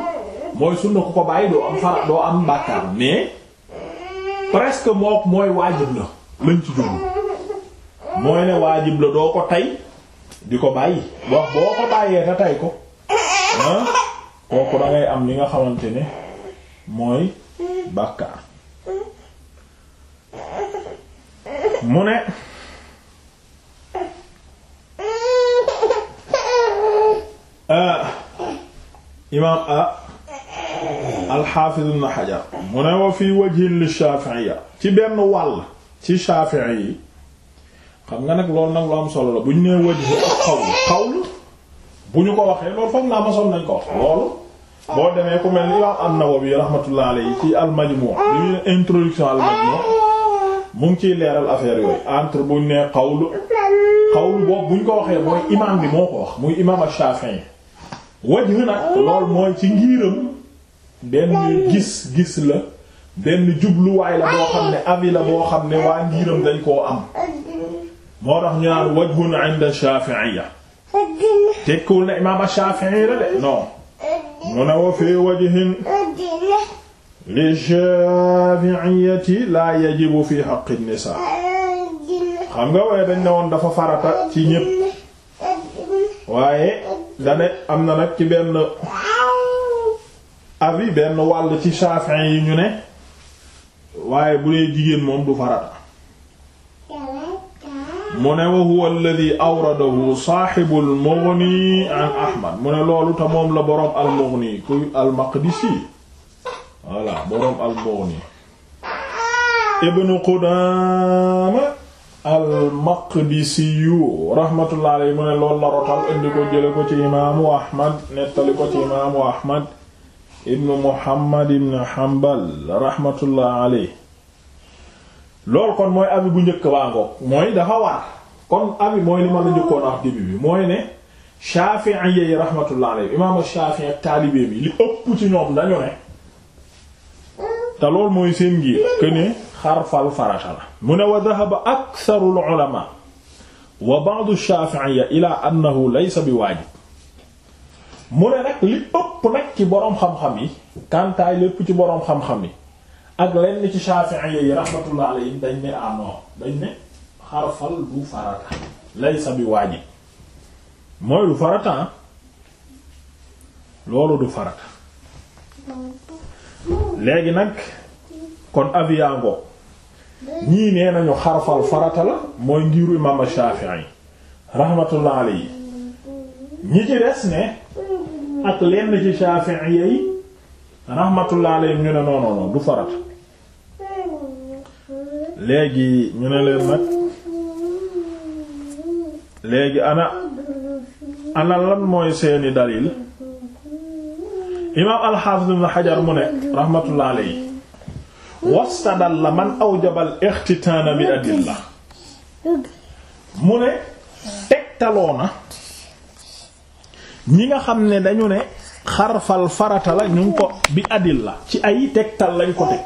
Speaker 1: mooy sunna ku ko bàyyi doo am fara doo am bàkkaar mais presque mook mooy waajib la lañ ci jublu mooy ne waajib la doo ko tay di ko bàyyi wax boo ko bàyyee te tey ko ah, kooku da am li nga xamante ne mooy bàkkaar mu ne Ah, imaam a ah, alxaafiz ibn xajar mu ne wa fi wajhin li shaafi'iyya ci benn wàll ci shaafi'i yi xam nga nag loolu nag lu am solo la bu ñu nee wajhu ak xawlu xawlu bu ñu ko waxee loolu foog naa masoon nañ ko wax loolu boo demee ku mel ni imaam an-Nawawi rahmatullah alayhi ci al-Majmu' li ñuy introduction al-Majmu' mu ngi ciy leeral affaire yooyu entre bu ñu nee xawlu xawlu boobu bu ñu ko waxee mooy imaam bi moo ko wax muy imaam ash-Shafi'i waj nag lool mooy ci ngiiram benn gis gis la benn jubluwaay la boo xam ne avis boo xam ne waa ngiiram dañ koo am moo tax ñu naan wajhun 'inda shafi'iyya tekkiwul ne imaam Shafi'i la de non mu ne wa fi wajhin li shafi'iyyati la yajibu fi haqqi nisaa xam nga waaye dañ ne woon dafa farata ci ñépp waaye dane am na nag ci benn avis benn wàll ci Shafi'i yi ñu ne waaye bu dee jigéen moom du farata mu ne wa huwa alladhi awradahu saaxibu al-Mughni an Ahmad mu ne loolu te moom la boroom al-Mughni kuy al-Maqdisi voilà boroom al-Mughni ibnu Qudaama al-Maqdisiyu mu ne loolu la rotal indi ko jële ko ci imaamu Ahmad nettali ko ci imaamu Ahmad ibnu Muhammad ibnu Hanbal rahmatullahi alayhi loolu kon mooy abi bu njëkk baa ngoog mooy dafa waar kon abi mooy li ma la njëkkoon wax début bi mooy ne Shafi'i yi rahmatullahi alayhi imaamu Shafi'i ak taalibe bi li ëpp ci ñoom dañu ne te loolu mooy seen ngir que xarfal farata la mu ne wa dahaba aktharul ulama wa ba'du shafi'iyya ila annahu laysa bi waajib mu ne nag li ëpp nag ci boroom xam-xam yi kantaay lépp ci boroom xam-xam yi ak lenn ci shafi'iyya yi rahmatullah alayhim dañ ne ànoo ah dañ ne xarfal du farata laysa bi waajib mooy du farata ah. loolu du farata léegi nag kon abiyango ñii nee nañu xarfal farata la mooy ngiru imaam yi rahmatullah alayhi ñi ci des ne ak lenn ci Shafi'i yi rahmatullah alayhi ñu ne non du farata léegi ñu ne leen nag léegi ana ana lan mooy seeni dalil imaam al-Hafiz ibn Hajar mu ne rahmatullah alayhi la man aw jabal ixtitaana bi adilla mu ne tegtaloo na ñi nga xam ne dañu ne xarfal farata la ñu ngi ko bi adilla ci ay tegtal lañ ko teg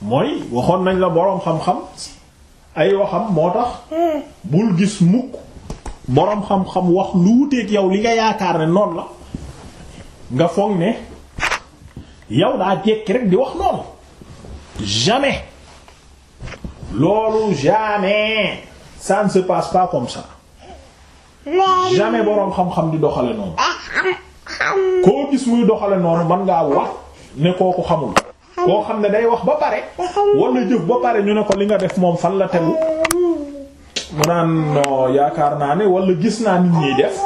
Speaker 1: mooy waxoon nañ la boroom xam-xam ay waxam moo tax bul gis mukk boroom xam-xam wax lu wuteeg yow li nga yaakaar ne noonu la nga foog ne yow daa jekki rek di wax noonu jamais loolu jamais ça ne se passe pas comme ça jamais boroom xam-xam di doxale noonu koo gis muy doxale noonu man ngaa wax ne kooku xamul koo xam ne day wax ba pare wala jëf ba pare ñu ne ko li nga def moom fan la tegu mu naan non yaakaar naa ne wala gis naa nit ñiy def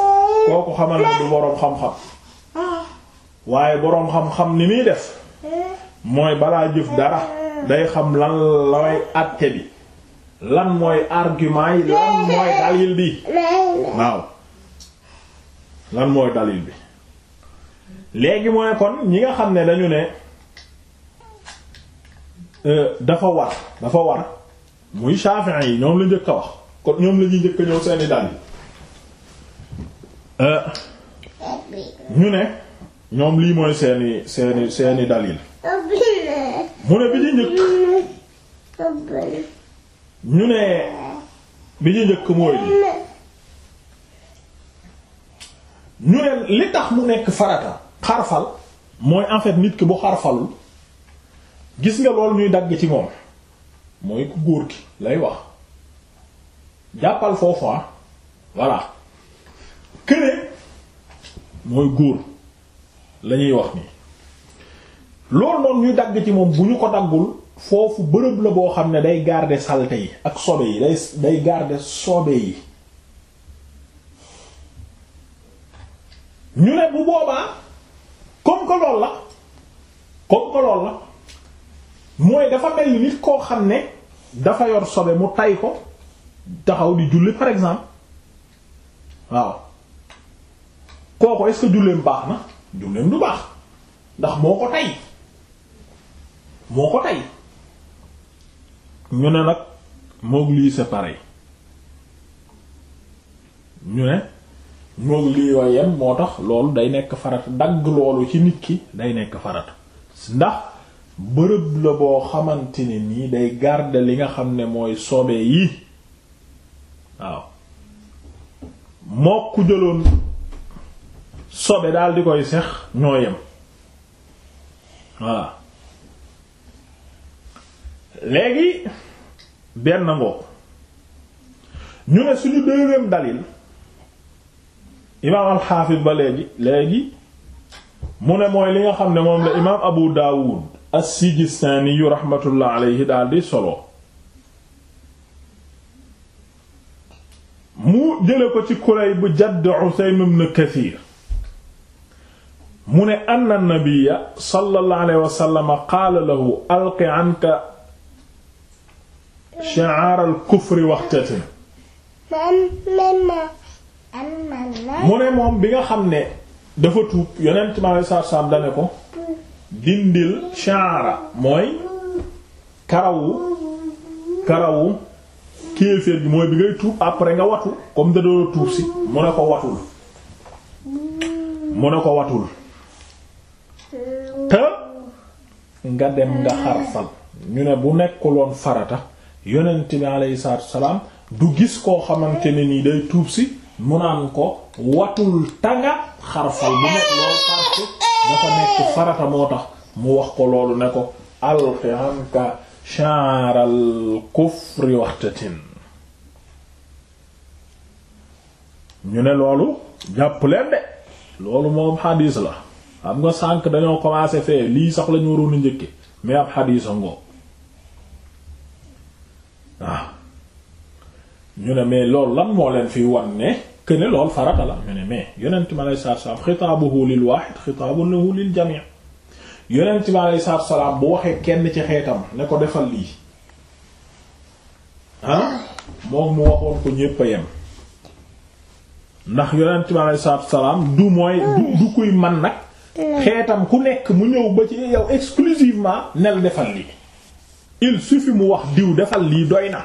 Speaker 1: kooku xamal na du boroom xam-xam waaye boroom xam-xam ni muy def mooy balaa jëf dara day xam lan looy àtte bi lan mooy argument yi lan mooy dalil bi waaw lan mooy dalil bi léegi mooy kon ñi nga xam ne dañu ne euh, dafa war dafa war muy Shafi'i yi ñoom la njëkk wax kon ñoom la ñuy njëkk a ñëw seeni dalil euh, ñu ne ñoom lii mooy seeni seeni seeni dalil mu ne bi ci njëkk ñu ne bi ci njëkk mooy ñu ne li tax mu nekk farata xarfal mooy en fait nit ki bu xarfalul gis nga loolu ñuy dagg ci moom mooy ku góor ki lay wax jàppal foofu ah voilà këne mooy góor lañuy wax nii loolu noonu ñuy dagg ci moom bu ñu ko daggul foofu bërëb la boo xam ne day garde salte yi ak sobe yi day day garde sobe yi ñu ne bu boobaa comme que lool la comme que lool la mooy dafa mel ni nit koo xam ne dafa yor sobe mu tay ko taxaw di julli par exemple waaw kooku est-ce que julleem baax na julleem du baax ndax moo ko tay moo ko tey ñu ne nag moog lii c'est pareil ñu ne moog lii wa yem moo tax loolu day nekk farata dagg loolu ci nit ki day nekk farata ndax bërëb la boo xamante ne nii day garder li nga xam ne mooy sobe yi waaw moo ku jëloon sobe daal di koy sex ñoo yem voilà léegi benn ngoog ñu ne suñu deuxième dalil imaam alxaafis ba léegi léegi mu ne mooy li nga xam ne moom la imaam abu daawud as-sijistaani yu raxmatullah alayhi daldi solo mu jële ko ci Kulayb bu jadd Usaym ibn Kathir mu ne anna nabiyya sallallahu alayhi wa qaala lahu alqi anka sha'aaral kufri waxtatin mu ne moom bi nga xam ne dafa tuub yonent mi aleyhi salaatu salaam dane ko dindil sha'ara mooy karawu karawu kéeféer bi mooy bi ngay tuub après nga watu comme da doon tuub si mu ne ko watul mu ne ko watul te nga dem nga xarfal ñu ne bu nekkuloon farata yonent bi alayhi salaatu du gis koo xamante ne nii day tuub si mu naan ko watul tanga xarfal bu nekk loolu parce que dafa nekk farata moo tax mu wax ko loolu ne ko alqi anka sha'ral kufri waxtatin ñu ne loolu jàpp leen de loolu moom xadiis la am nga sànq dañoo commencé fee lii sax la ñu waroon a njëkke mais ab xadiis a ngoo waaw ah. ñu ne mais loolu lan moo leen fiy wan ne que ne loolu farata la ñu ne mais yonent mi alayhi salaatu salaam xitaabuhu lil waahid xitaabuhu jamii yonent mi salaam bu waxee kenn ci xeetam ne ko defal lii ah moom mu waxoon ko ñépp yem ndax yonent mi salaam du mooy du kuy man nag mm. xeetam ku nekk mu ñëw ba ci yow exclusivement nel defal lii il suffit mu wax diw defal lii doy na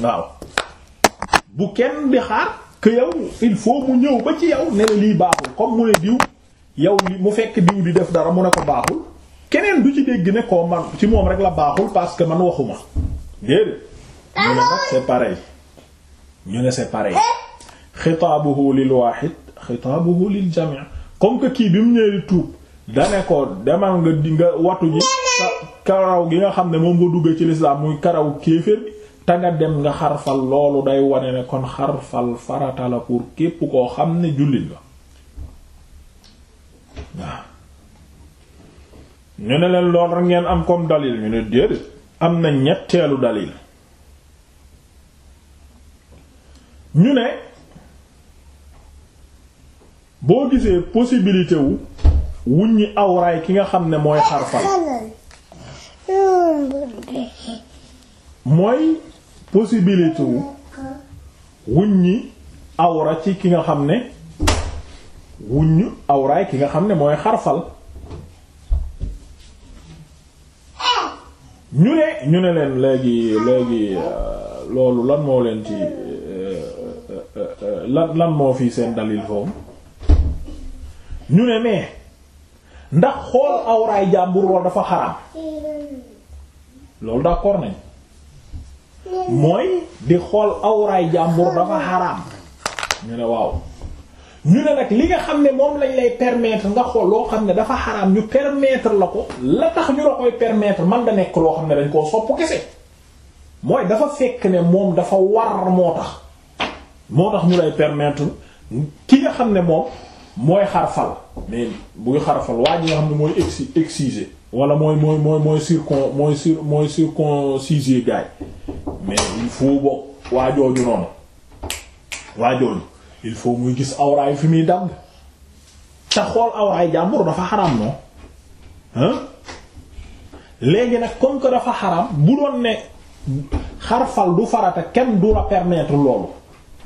Speaker 1: waaw bu kenn di xaar que yow il faut mu ñëw ba ci yow ne lii baaxul comme mu ne diw yow li mu fekk diw di def dara mu ne ko baaxul keneen du ci dégg ne ko man ci moom rek la baaxul parce que man waxuma déedéet ñu ne nag c'est pareil ñu ne c'est pareil xitaabuhu lil waaxid xitaabuhu lil jami' comme que kii bi mu ñëwee tuub dane ko demal nga di nga watu ji karaw gi nga xam ne moom nga duggee ci lislaam muy karaw kéeféer bi te nga dem nga xarfal loolu day wone ne kon xarfal faratala pour képp koo xam ne jullit la waaw ñu ne leen lool rek ngeen am comme dalil ñu ne déedéet am na ñetteelu dalil ñu ne boo gisee possibilité wu wuññi awraay ki nga xam ne mooy xarfal mooy possibilité wuñ wuññi awra ci ki nga xam ne wuñ awraay ki nga xam ne mooy xarfal ñu ne ñu ne leen léegi léegi euh, loolu lan moo leen ci euh, euh, lan lan moo fi seen dalil foofu ñu ne mais ndax xool awraay jàmbur loolu dafa xaraam loolu d'accord nañ mooy di xool awraay jàmbur dafa xaraam ñu ne waaw ñu ne nag li nga xam ne moom lañ lay permettre nga xool loo xam ne dafa xaraam ñu permettre la ko la tax ñu la koy permettre man da nekk loo xam ne dañ koo sopp kese mooy dafa fekk ne moom dafa war moo tax moo tax ñu lay permettre ki nga xam ne moom mooy xarfal mais buy xarafal waa nga xam ne mooy exi exciser wala mooy mooy mooy mooy circon mooy sur mooy circonciser mais il faut bokk waa jooju noonu waa jooju il faut muy gis awraay fi muy dagg te xool awraay jàmbur dafa xaram non léegi nag comme que dafa xaram bu doon ne xarfal du farata kenn du la permettre loolu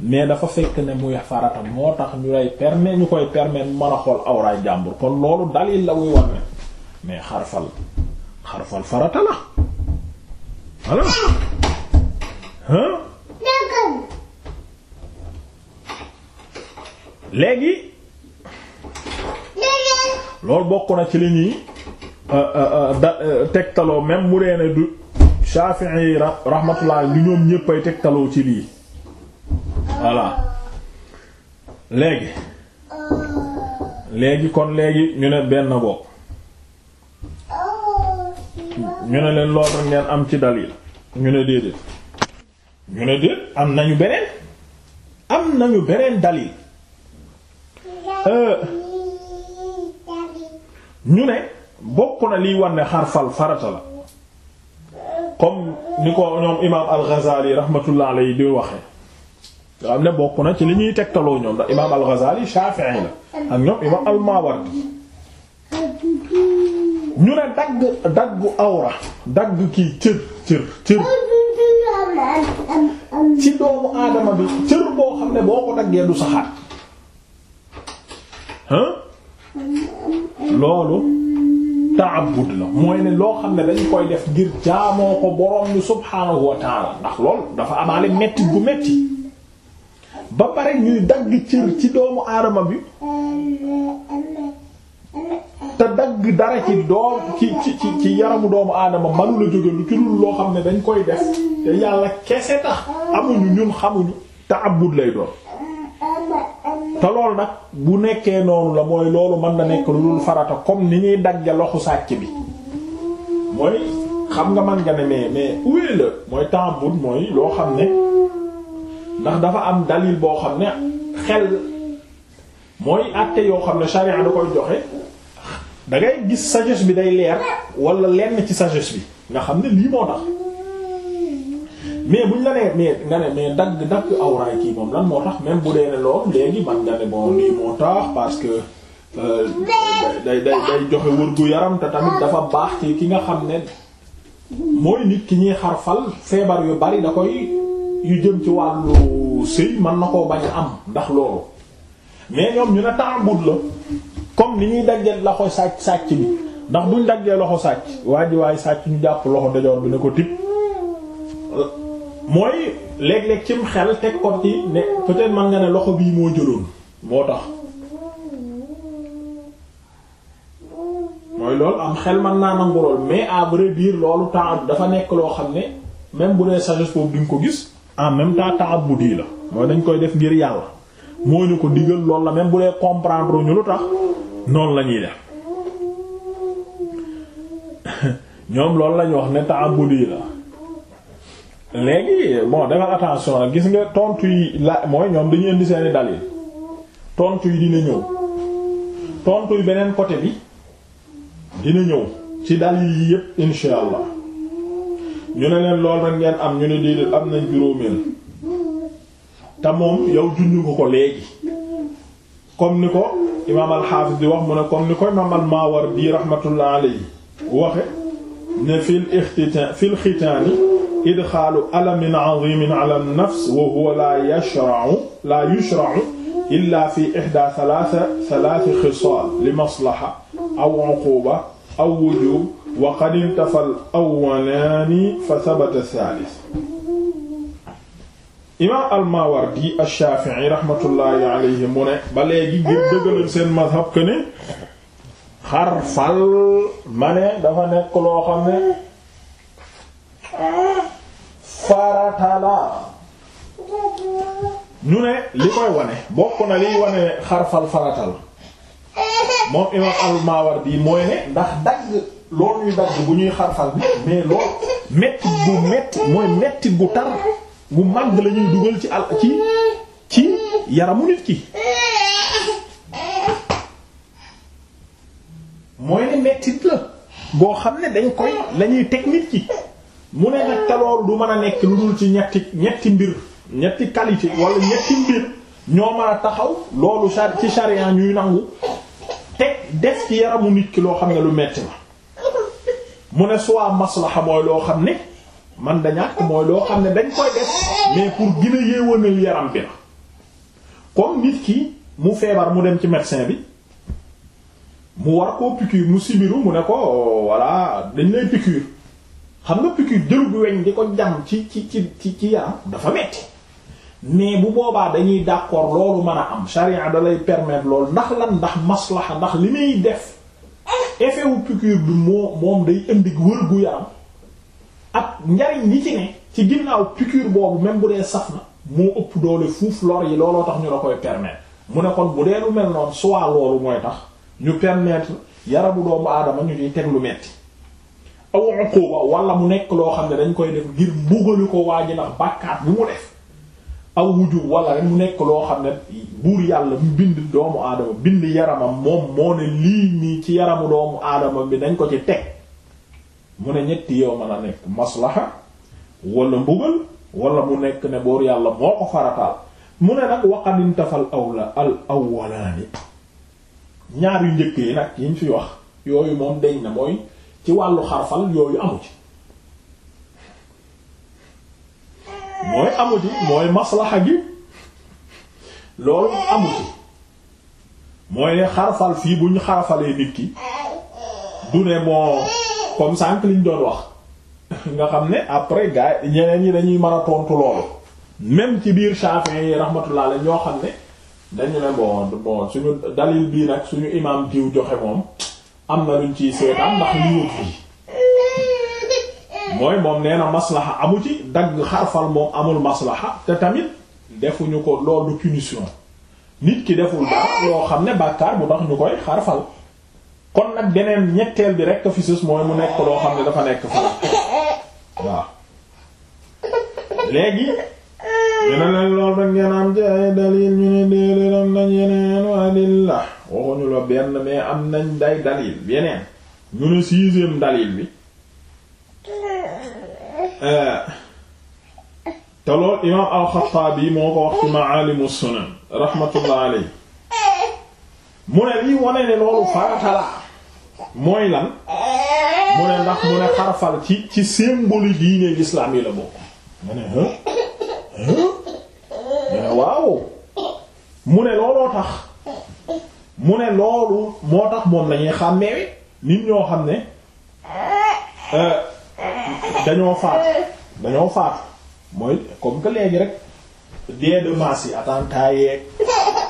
Speaker 1: mais dafa fekk ne muy farata moo tax ñu lay permettre ñu koy permettre mën a xool awraay jàmbur kon loolu dalil la wuy wane mais xarfal xarfal farata la léegi loolu bokk na ci li ñuy euh, euh, euh, da tegtaloo même mu dee ne du Shafi'i rahmatullah li ñoom ñépp ay tegtaloo ci lii voilà léegi léegi kon léegi ñu ne benn bopp ñu ne leen loolu ngeen am ci dalil ñu ne déedéet ñu ne déet am nañu beneen am nañu beneen dalil euh, ñu ne bokk na liy wan ne xarfal farata la comme ni ko ñoom imaam al-Ghazali rahmatullah alayhi di waxe nga xam ne bokk ci li ñuy tegtaloo ñoom ndax imaam al-Ghazali Shafi'i la ñoom imaam ñu ne dagg daggu awra dagg kii cër cër cër ci doomu aadama bi cër boo xam ne boo ko daggee du saxaat loolu ta'abbud la mooy ne loo xam ne dañ koy def ngir jaamoo ko borom ñu subhaanahu wa ta'ala ndax loolu dafa amaale metti bu metti ba pare ñuy dagg ci doomu aadama bi te dagg dara ci doom ci ci ci yaramu doomu aadama manu la jóge lu ci dul loo xam ne dañ koy def te yàlla kese tax amuñu ñun xamuñu te abud lay doon te lool nag bu nekkee noonu la mooy loolu mën na nekk lu dul farata comme ni ñuy dagge loxu sàcc bi mooy xam nga man nga ne mais mais uwe la mooy temps bud mooy loo xam ne ndax dafa am dalil boo xam ne xel mooy àtte yoo xam ne sharia da koy joxe da gis sagesse bi day leer wala lenn ci sagesse bi nga xam ne lii moo tax mais buñ la nee mais nga ne moom lan moo tax même bu dee ne lool léegi man nga ne bon lii moo tax parce que euh, day day day joxe wër gu yaram tamit dafa baax ci ki nga xam ne mooy nit ki ñuy xarfal feebar yu bari da koy. yu jëm ci wàllu sëy mën na koo bañ am ndax loolu mais ñoom ñu ne ta'abbud la comme ni ñuy daggee loxo sàcc sàcc bi ndax buñ daggee loxo sàcc waa ji waaye sàcc ñu jàpp loxo dajoor bi ne ko tip mooy léeg-léeg cim xel te ko ci ne peut-être mën nga ne loxo bii moo jëloon moo tax mooy loolu am xel mën naa nangu lool mais à biir dire loolu temps dafa nekk loo xam ne même bu dee sagesse boobu duñ ko gis en même temps ta'abbudi la mooy dañ koy def ngir yàlla moo ñu ko digal loolu la même bu dee comprendre ñu lu tax noonu la ñuy (laughs) ñoom loolu lañu wax ne ta'abbudi la léegi bon defal attention nag gis nga tontu yi la mooy ñoom dañu indi seeni dalil tontu yi dina ñëw tontu yi beneen côté bi dina ñëw ci dalil yi yépp insha ñu ne leen lool rek ngeen am ñu ne déedéet am nañ juróomeel te moom yow junj ko ko léegi comme ni ko imaam al-Hafiz di wax mu ne comme ni ko imaam al-Mawardi rahmatullah alayhi waxe ne fil ikhtitan fil khitaani idxaalu alamin azimin ala an-nafs wa huwa la yashra'u la yushra'u illa fi ihda thalatha thalath khisaal li maslaha aw uquba aw wujub wa qad intafa al awwalaani fa saalis imaam al-Mawardi ash-Shafi'i rahmatullahi alayhi mu ne ba léegi ngir dëggalal seen mazhab que xarfal ma ne dafa nekk loo xam ne faratala ñu ne li koy wane bokk na liy wane xarfal faratal moom imaam al-Mawardi mooy ne ndax dagg loolu ñuy dagg bu ñuy xarfal bi mais loolu mettit bu metti mooy mettit bu tar bu màgg la dugal ci al ci ci yaramu nit ki mooy ne mettit la boo xam ne dañ koy lañuy teg nit ki mu ne nag loolu du mën a nekk lu dul ci ñetti ñetti mbir ñetti qualité wala ñetti mbir ñoo mën a taxaw loolu ci charia ñuy nangu teg def ci yaramu nit ki loo xam ne lu metti la mu ne soit maslaxa mooy loo xam ne man da ñàkk mooy loo xam ne dañ koy def mais pour gën a yéewanal yaram bi la comme nit ki mu feebar mu dem ci médecin bi mu war koo piqûre mu sibiru mu ne ko oh, voilà dañ lay piqûre xam nga piqûre jëlu bu weñ di ko jam ci ci ci ci ci yaram dafa metti mais bu boobaa dañuy d'accord loolu mën a am charia da lay permettre loolu ndax lan ndax maslaxa ndax li muy def effet wu piqûre bi moo moom day indi wër gu yaram ak njariñ yi ci ne ci ginnaaw piqûre boobu même bu dee saf na moo ëpp doole fuuf lor yi looloo tax ñu la koy permettre mu ne kon bu dee lu mel noonu soit loolu mooy tax ñu permettre yaramu doomu aadama ñu ciy teg lu metti aw uquba wala mu nekk loo xam ne dañ koy def ngir mbugalu ko waa ji ndax bàkkaat bu mu def aw wujub wala rek mu nekk loo xam ne buur yàlla mu bind doomu aadama bind yaramam moom moo ne lii nii ci yaramu doomu aadama bi dañ ko ci teg mu ne ñetti yow mën a nekk maslaha wala mbugal wala mu nekk ne boor yàlla moo ko farataal mu ne nag waqadintafal awla al awwalaani ñaar yu njëkk yi nag yiñ fi wax yooyu moom deñ na mooy ci wàllu xarfal yooyu amu ci mooy amu mooy maslaxa gi loolu amu ci mooy ne xarafal fii bu ñu xarafalee nit ki du ne moo comme sànq liñ doon wax (laughs) nga xam ne après gars ñeneen ñi dañuy mën loolu même ci biir Shafi'i yi rahmatullah la ñoo xam ne dañu ne bon bon suñu dalil bii nag suñu imam diw joxe moom am na luñ ciy seetaan ndax liwut fii mooy moom nee na maslaxa amu ci dagg xarfal moom amul maslaxa te tamit defuñu ko loolu punition nit ki deful dara loo xam ne bàkkaar bu tax ñu koy xarfal kon nag beneen ñetteel bi rek fi mooy mu nekk loo xam ne dafa nekk fa waaw léegi dina leen lool rek ngeen am ci ay dalil ñu ne déedéet am nañ yeneen adilla waxuñu la benn mais am nañ day dalil yeneen ñu ne sixième dalil bi Euh, te lool imaam alxataabi moo ko wax ci maalimu sunan rahmatullah aley mu ne lii wone ne loolu farata mooy lan mu ne ndax mu ne xarafal ci ci symbole diine l'islam yi la bokk mu ne waaw mu ne looloo tax mu ne loolu moo tax moom lañuy xàmmeewe nit ñoo xam ne euh, dañoo faatu dañoo faatu mooy comme que léegi rek dee de masse yi attentat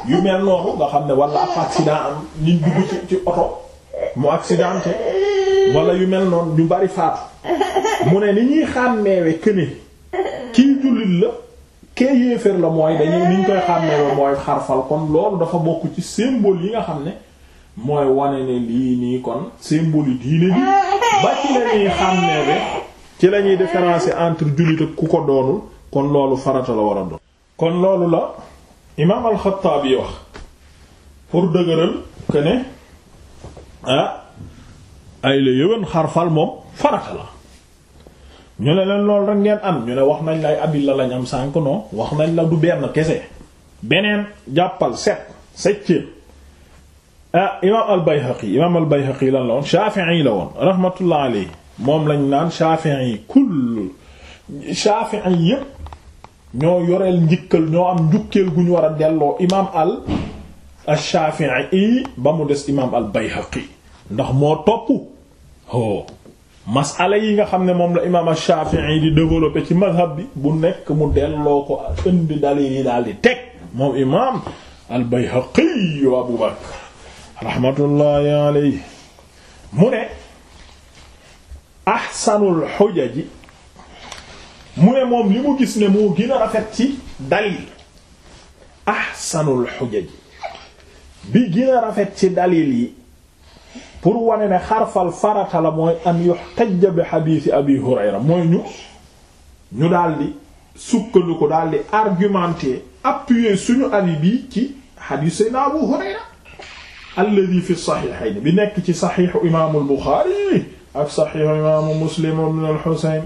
Speaker 1: yu mel noonu nga xam ne wala ab accident am dugg ci ci oto mu accidenté wala yu mel noonu ñu bari faatu mu ne ni ñuy xàmmeewe këne kii jullit la kee yéeféer la mooy dañuy ni ñu koy xàmmeewe mooy xarfal kon loolu dafa bokk ci symbole yi nga xam ne mooy wane ne lii nii kon symbole yi diine bi ba ci la ñuy xàmmeewe ci la ñuy différencier entre jullit ak ku ko doonul kon loolu farata la war a doon. kon loolu la imaam yi wax pour dëgëral que ne ah ay la yëwén xarfal moom farata la ñu ne leen loolu rek ngeen am ñu ne wax nañ la ay la lañ am sànk non wax nañ la du benn kese beneen jàppal set secceel ah imaam al bayhaqi imaam al bayhaqi lan la woon shaafi'i la woon rahmatullah alayhi moom lañ naan Shafi'i yi kull Shafi'i yi yépp ñoo yoreel njikkal ñoo am njukkeel gu ñu war a delloo imaam al Shafi'i ba mu des imaam al Bayhaqi ndax moo topp oh masala yi nga xam ne moom la imaam al Shafi'i di développer ci madhab bi bu nekk mu delloo ko indi dalil yi daal di teg moom imaam al Bayhaqi wa Abu Bakr rahmatullahi alayhi mu ne. ahsanul xujaji mu ne moom li mu gis ne moo gën rafet ci dalil ahsanul xujaji bi gën rafet ci dalil yi pour wane ne xarfal farata la mooy an yuhtajja bi xadiisi abi hurayra mooy ñu daldi sukkandiku daldi argumenter appuyer suñu avis bi ci xadiis sayna abu hurayra alladi fi saxiixayni bi nekk ci saxiixu imaamul buxaari ak saxiixu imaamu muslim ibn al-Xuseyn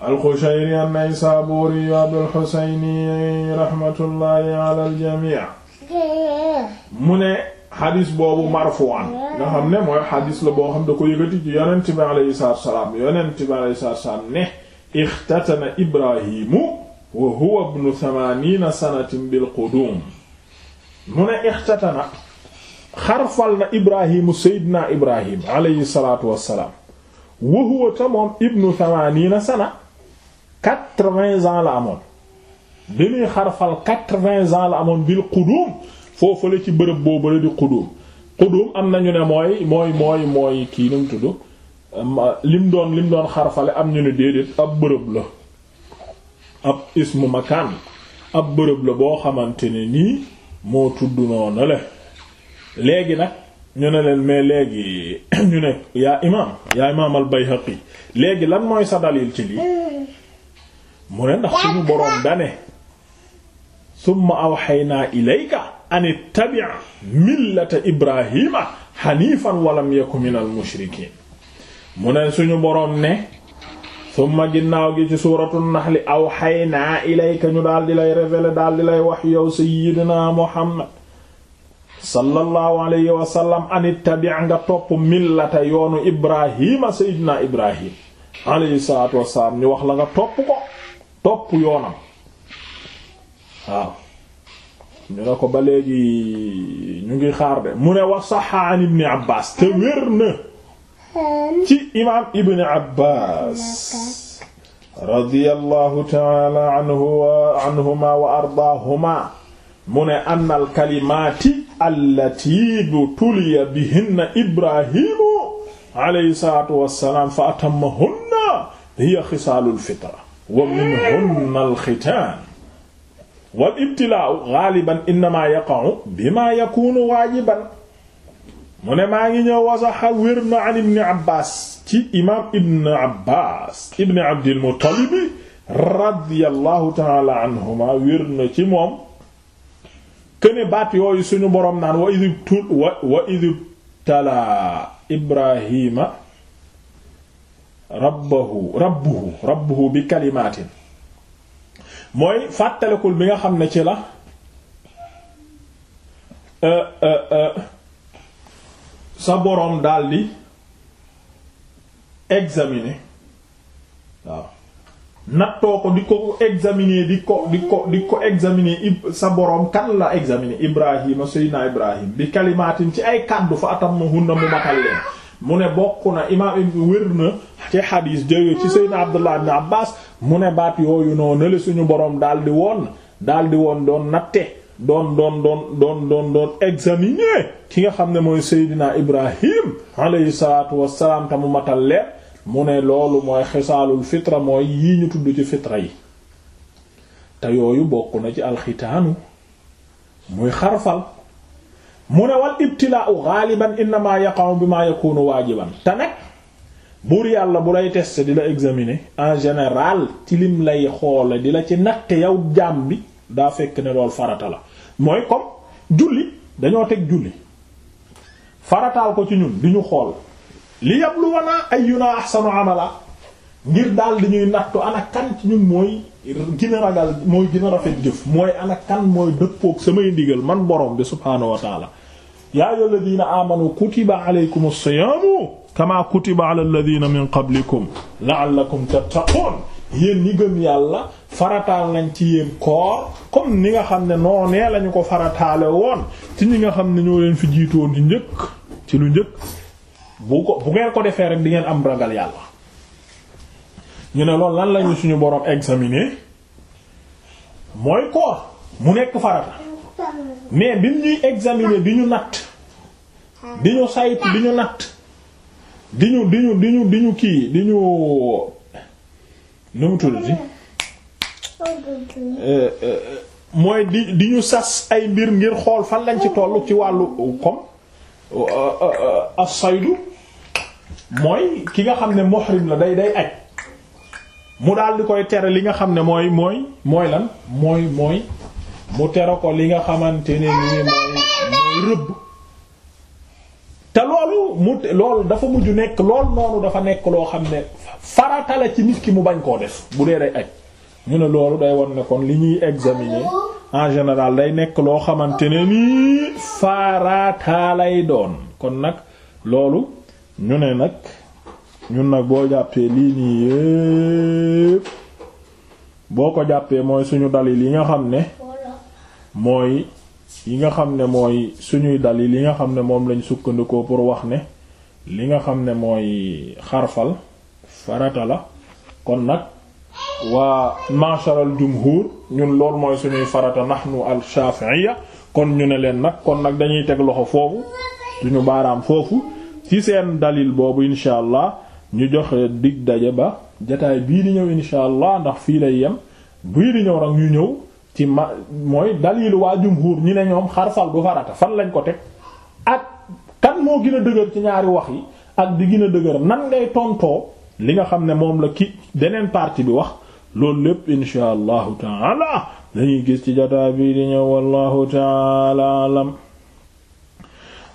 Speaker 1: al-Qushayri an-Naysaabuuri Abul Xuseyni raxmatullaahi alal jamii mu ne xadis boobu marfuwaan nga xam ne mooy xadis la boo xam da ko yëgati ci yonent bi alayhi salaatu wa salaam yonent bi alayhi salaatu wa salaam ne ixtatana Ibraahiimu wa huwa ibnu samaaniina sanatin bil quduum mu ne ixtatana xarfal na ibrahimu seydina ibrahim alayhi salaatu wassalaam wa huwa ta moom ibnu thamaniina sana quatre-vingts ans la amoon bi muy xarfal la amoon bil qudum foofu la ci bërëb boobu la di qudum qudum am nañu ne mooy mooy mooy mooy kii nu mu tudd lim doon lim doon xarfale am ñu ne déedéet ab bërëb la ab ismu makaan ab bërëb la boo xamante ne nii moo tudd noonu la léegi nag ñu ne leen mais léegi (clears throat) ñu ne yaa imaam yaa imaam al-Bayhaqi léegi lan mooy sa dalil ci lii mu ne ndax suñu boroom dane summa awhaynaa ilayka an ittabi' millata Ibrahima hanifan walam yaku minal mushrikiin mu ne suñu boroom ne summa ginnaaw gi ci suuratu naxli awhaynaa ilayka ñu daal di lay révéler daal di lay wax yow sayyidina Muhammad sallallahu alayhi wa sallam anit tabi nga topp yoonu ibrahima seydina ibrahim alayhi salaatu wassalaam ñu wax la nga topp ko topp yoonam waaw ñu ne ko ba léegi ñu ngi xaar de mu ne wa saxa an ibni abbas te wér na ci imaam ibni abbas radiyallahu ta'ala anhuma wa ardaahuma mu ne annal kalimaati allati bu tuliya bihinna ibrahimu alayhi salaatu wassalaam fa atammahunna hiya xisaalul fitra wa minhunna alxitaan wal ibtilaa'u gaaliban innamaa yaqa'u bimaa yakuunu waajiban mu ne maa ngi ñëw wasaxa wér na an ibni abbas ci imaam ibn abbas ibni abdilmuttalibi radiyallahu taala anhuma wér na ci moom këne baat yooyu suñu boroom naan wa idib wa wa idib ibrahima rabbahu rabbuhu rabbuhu bi kalimaatin mooy fàttalikul bi nga xam ne ci la euh, euh, euh, sa boroom daldi examiner waaw nattoo ko di ko examiner di ko di ko di ko examiner sa boroom kan la examiner Ibrahima Seydina Ibrahim bi kalimaatin ci ay kàddu fa atam ma hunna mu matal leen mu ne bokk na imaam wér na ci xadiis jóge ci Seydina Abdullah ibn Abbas mu ne baat yooyu noonu la suñu boroom daal di woon daal di woon doon natte doon doon doon doon doon doon examiner ki nga xam ne mooy Seydina Ibrahim alayhi salaatu wassalaam ta mu matal leen mu ne loolu mooy xisaalul fitra mooy yii ñu tudd ci fitra yi te yooyu bokk na ci alxitaanu muy xarfal mu ne wal ibtilaau gaaliban innama yaqamu bi ma yakunu waajiban te nag buur yàlla bu lay tester di la examiner en général ci lim lay xoole di la ci natte yow jaam bi daa fekk ne lool farata la mooy comme julli dañoo teg julli farataal ko ci ñun di ñu xool li yabluwana ayyuna ahsanu amala ngir daal di ñuy nattu ana kan ci ñun mooy gën ragal mooy gën rafet jëf mooy ana kan mooy dëppook samay ndigal man borom bi subhaanahu wa yaa ayyuhal ladina amanu kutiba alaykum as-siyamu kama kutiba ala alladina min qablikum la'allakum tattaqun ñi gëm yàlla farataal nañ ci yéen koor comme ni nga xam ne noonee lañu ko farataale woon ci ñi nga xam ne ñoo leen fi jiitoon ci ci lu njëkk bu ko bu ngeen ko defee rek di ngeen am ragal yàlla ñu ne lool lan lañu suñu borom examiner mooy koor mu nekk farata mais bi ñuy examiner di ñu nat di ñu saytu di ñu natt di ñu di ñu di ñu kii di ñu nu mu tudd
Speaker 2: euh,
Speaker 1: euh, mooy di di ñu sas ay mbir ngir xool fan lañ ci tollu ci wàllu comme euh, as-saydu mooy ki nga xam ne muhrim la day day aj mu daal di koy tere li nga xam ne mooy mooy mooy lan mooy mooy mu tere ko li nga xamante ne nii mooy rëbb te loolu mu loolu dafa mujj nekk lool noonu dafa nekk loo xam ne farata ci nit ki mu bañ koo def bu dee day aj ñu ne loolu day won ne kon li ñuy examiner en général day nekk loo xamante ne nii farata lay doon kon nag loolu ñu ne nag ñun nag boo jàppee lii nii yépp boo ko jàppee mooy suñu dalil yi nga xam ne mooy yi nga xam ne mooy suñuy dalil yi li nga xam ne moom lañ sukkandikoo pour wax ne li nga xam ne mooy xarfal farata la kon nag waa masharal jumhur ñun lool mooy suñuy farata nahnu al shafi'iyya kon ñu ne leen nag kon nag dañuy teg loxo foofu duñu baaraam foofu ci seen dalil boobu incha allah ñu joxe dig daje ba jataay bii di ñëw incha allah ndax fii lay yem bii di ñëw nag ñu ñëw ci ma mooy dalilu waa jumhur ñi ne ñoom xarsal du farata fan lañ ko teg ak kan moo gën a dëgër ci ñaari wax yi ak di gën a dëgër nan ngay tontoo li nga xam ne moom la ki beneen partie bi wax loolu lépp insha allahu taala dañuy gis ci jataa bii di ñëw wallahu taala alam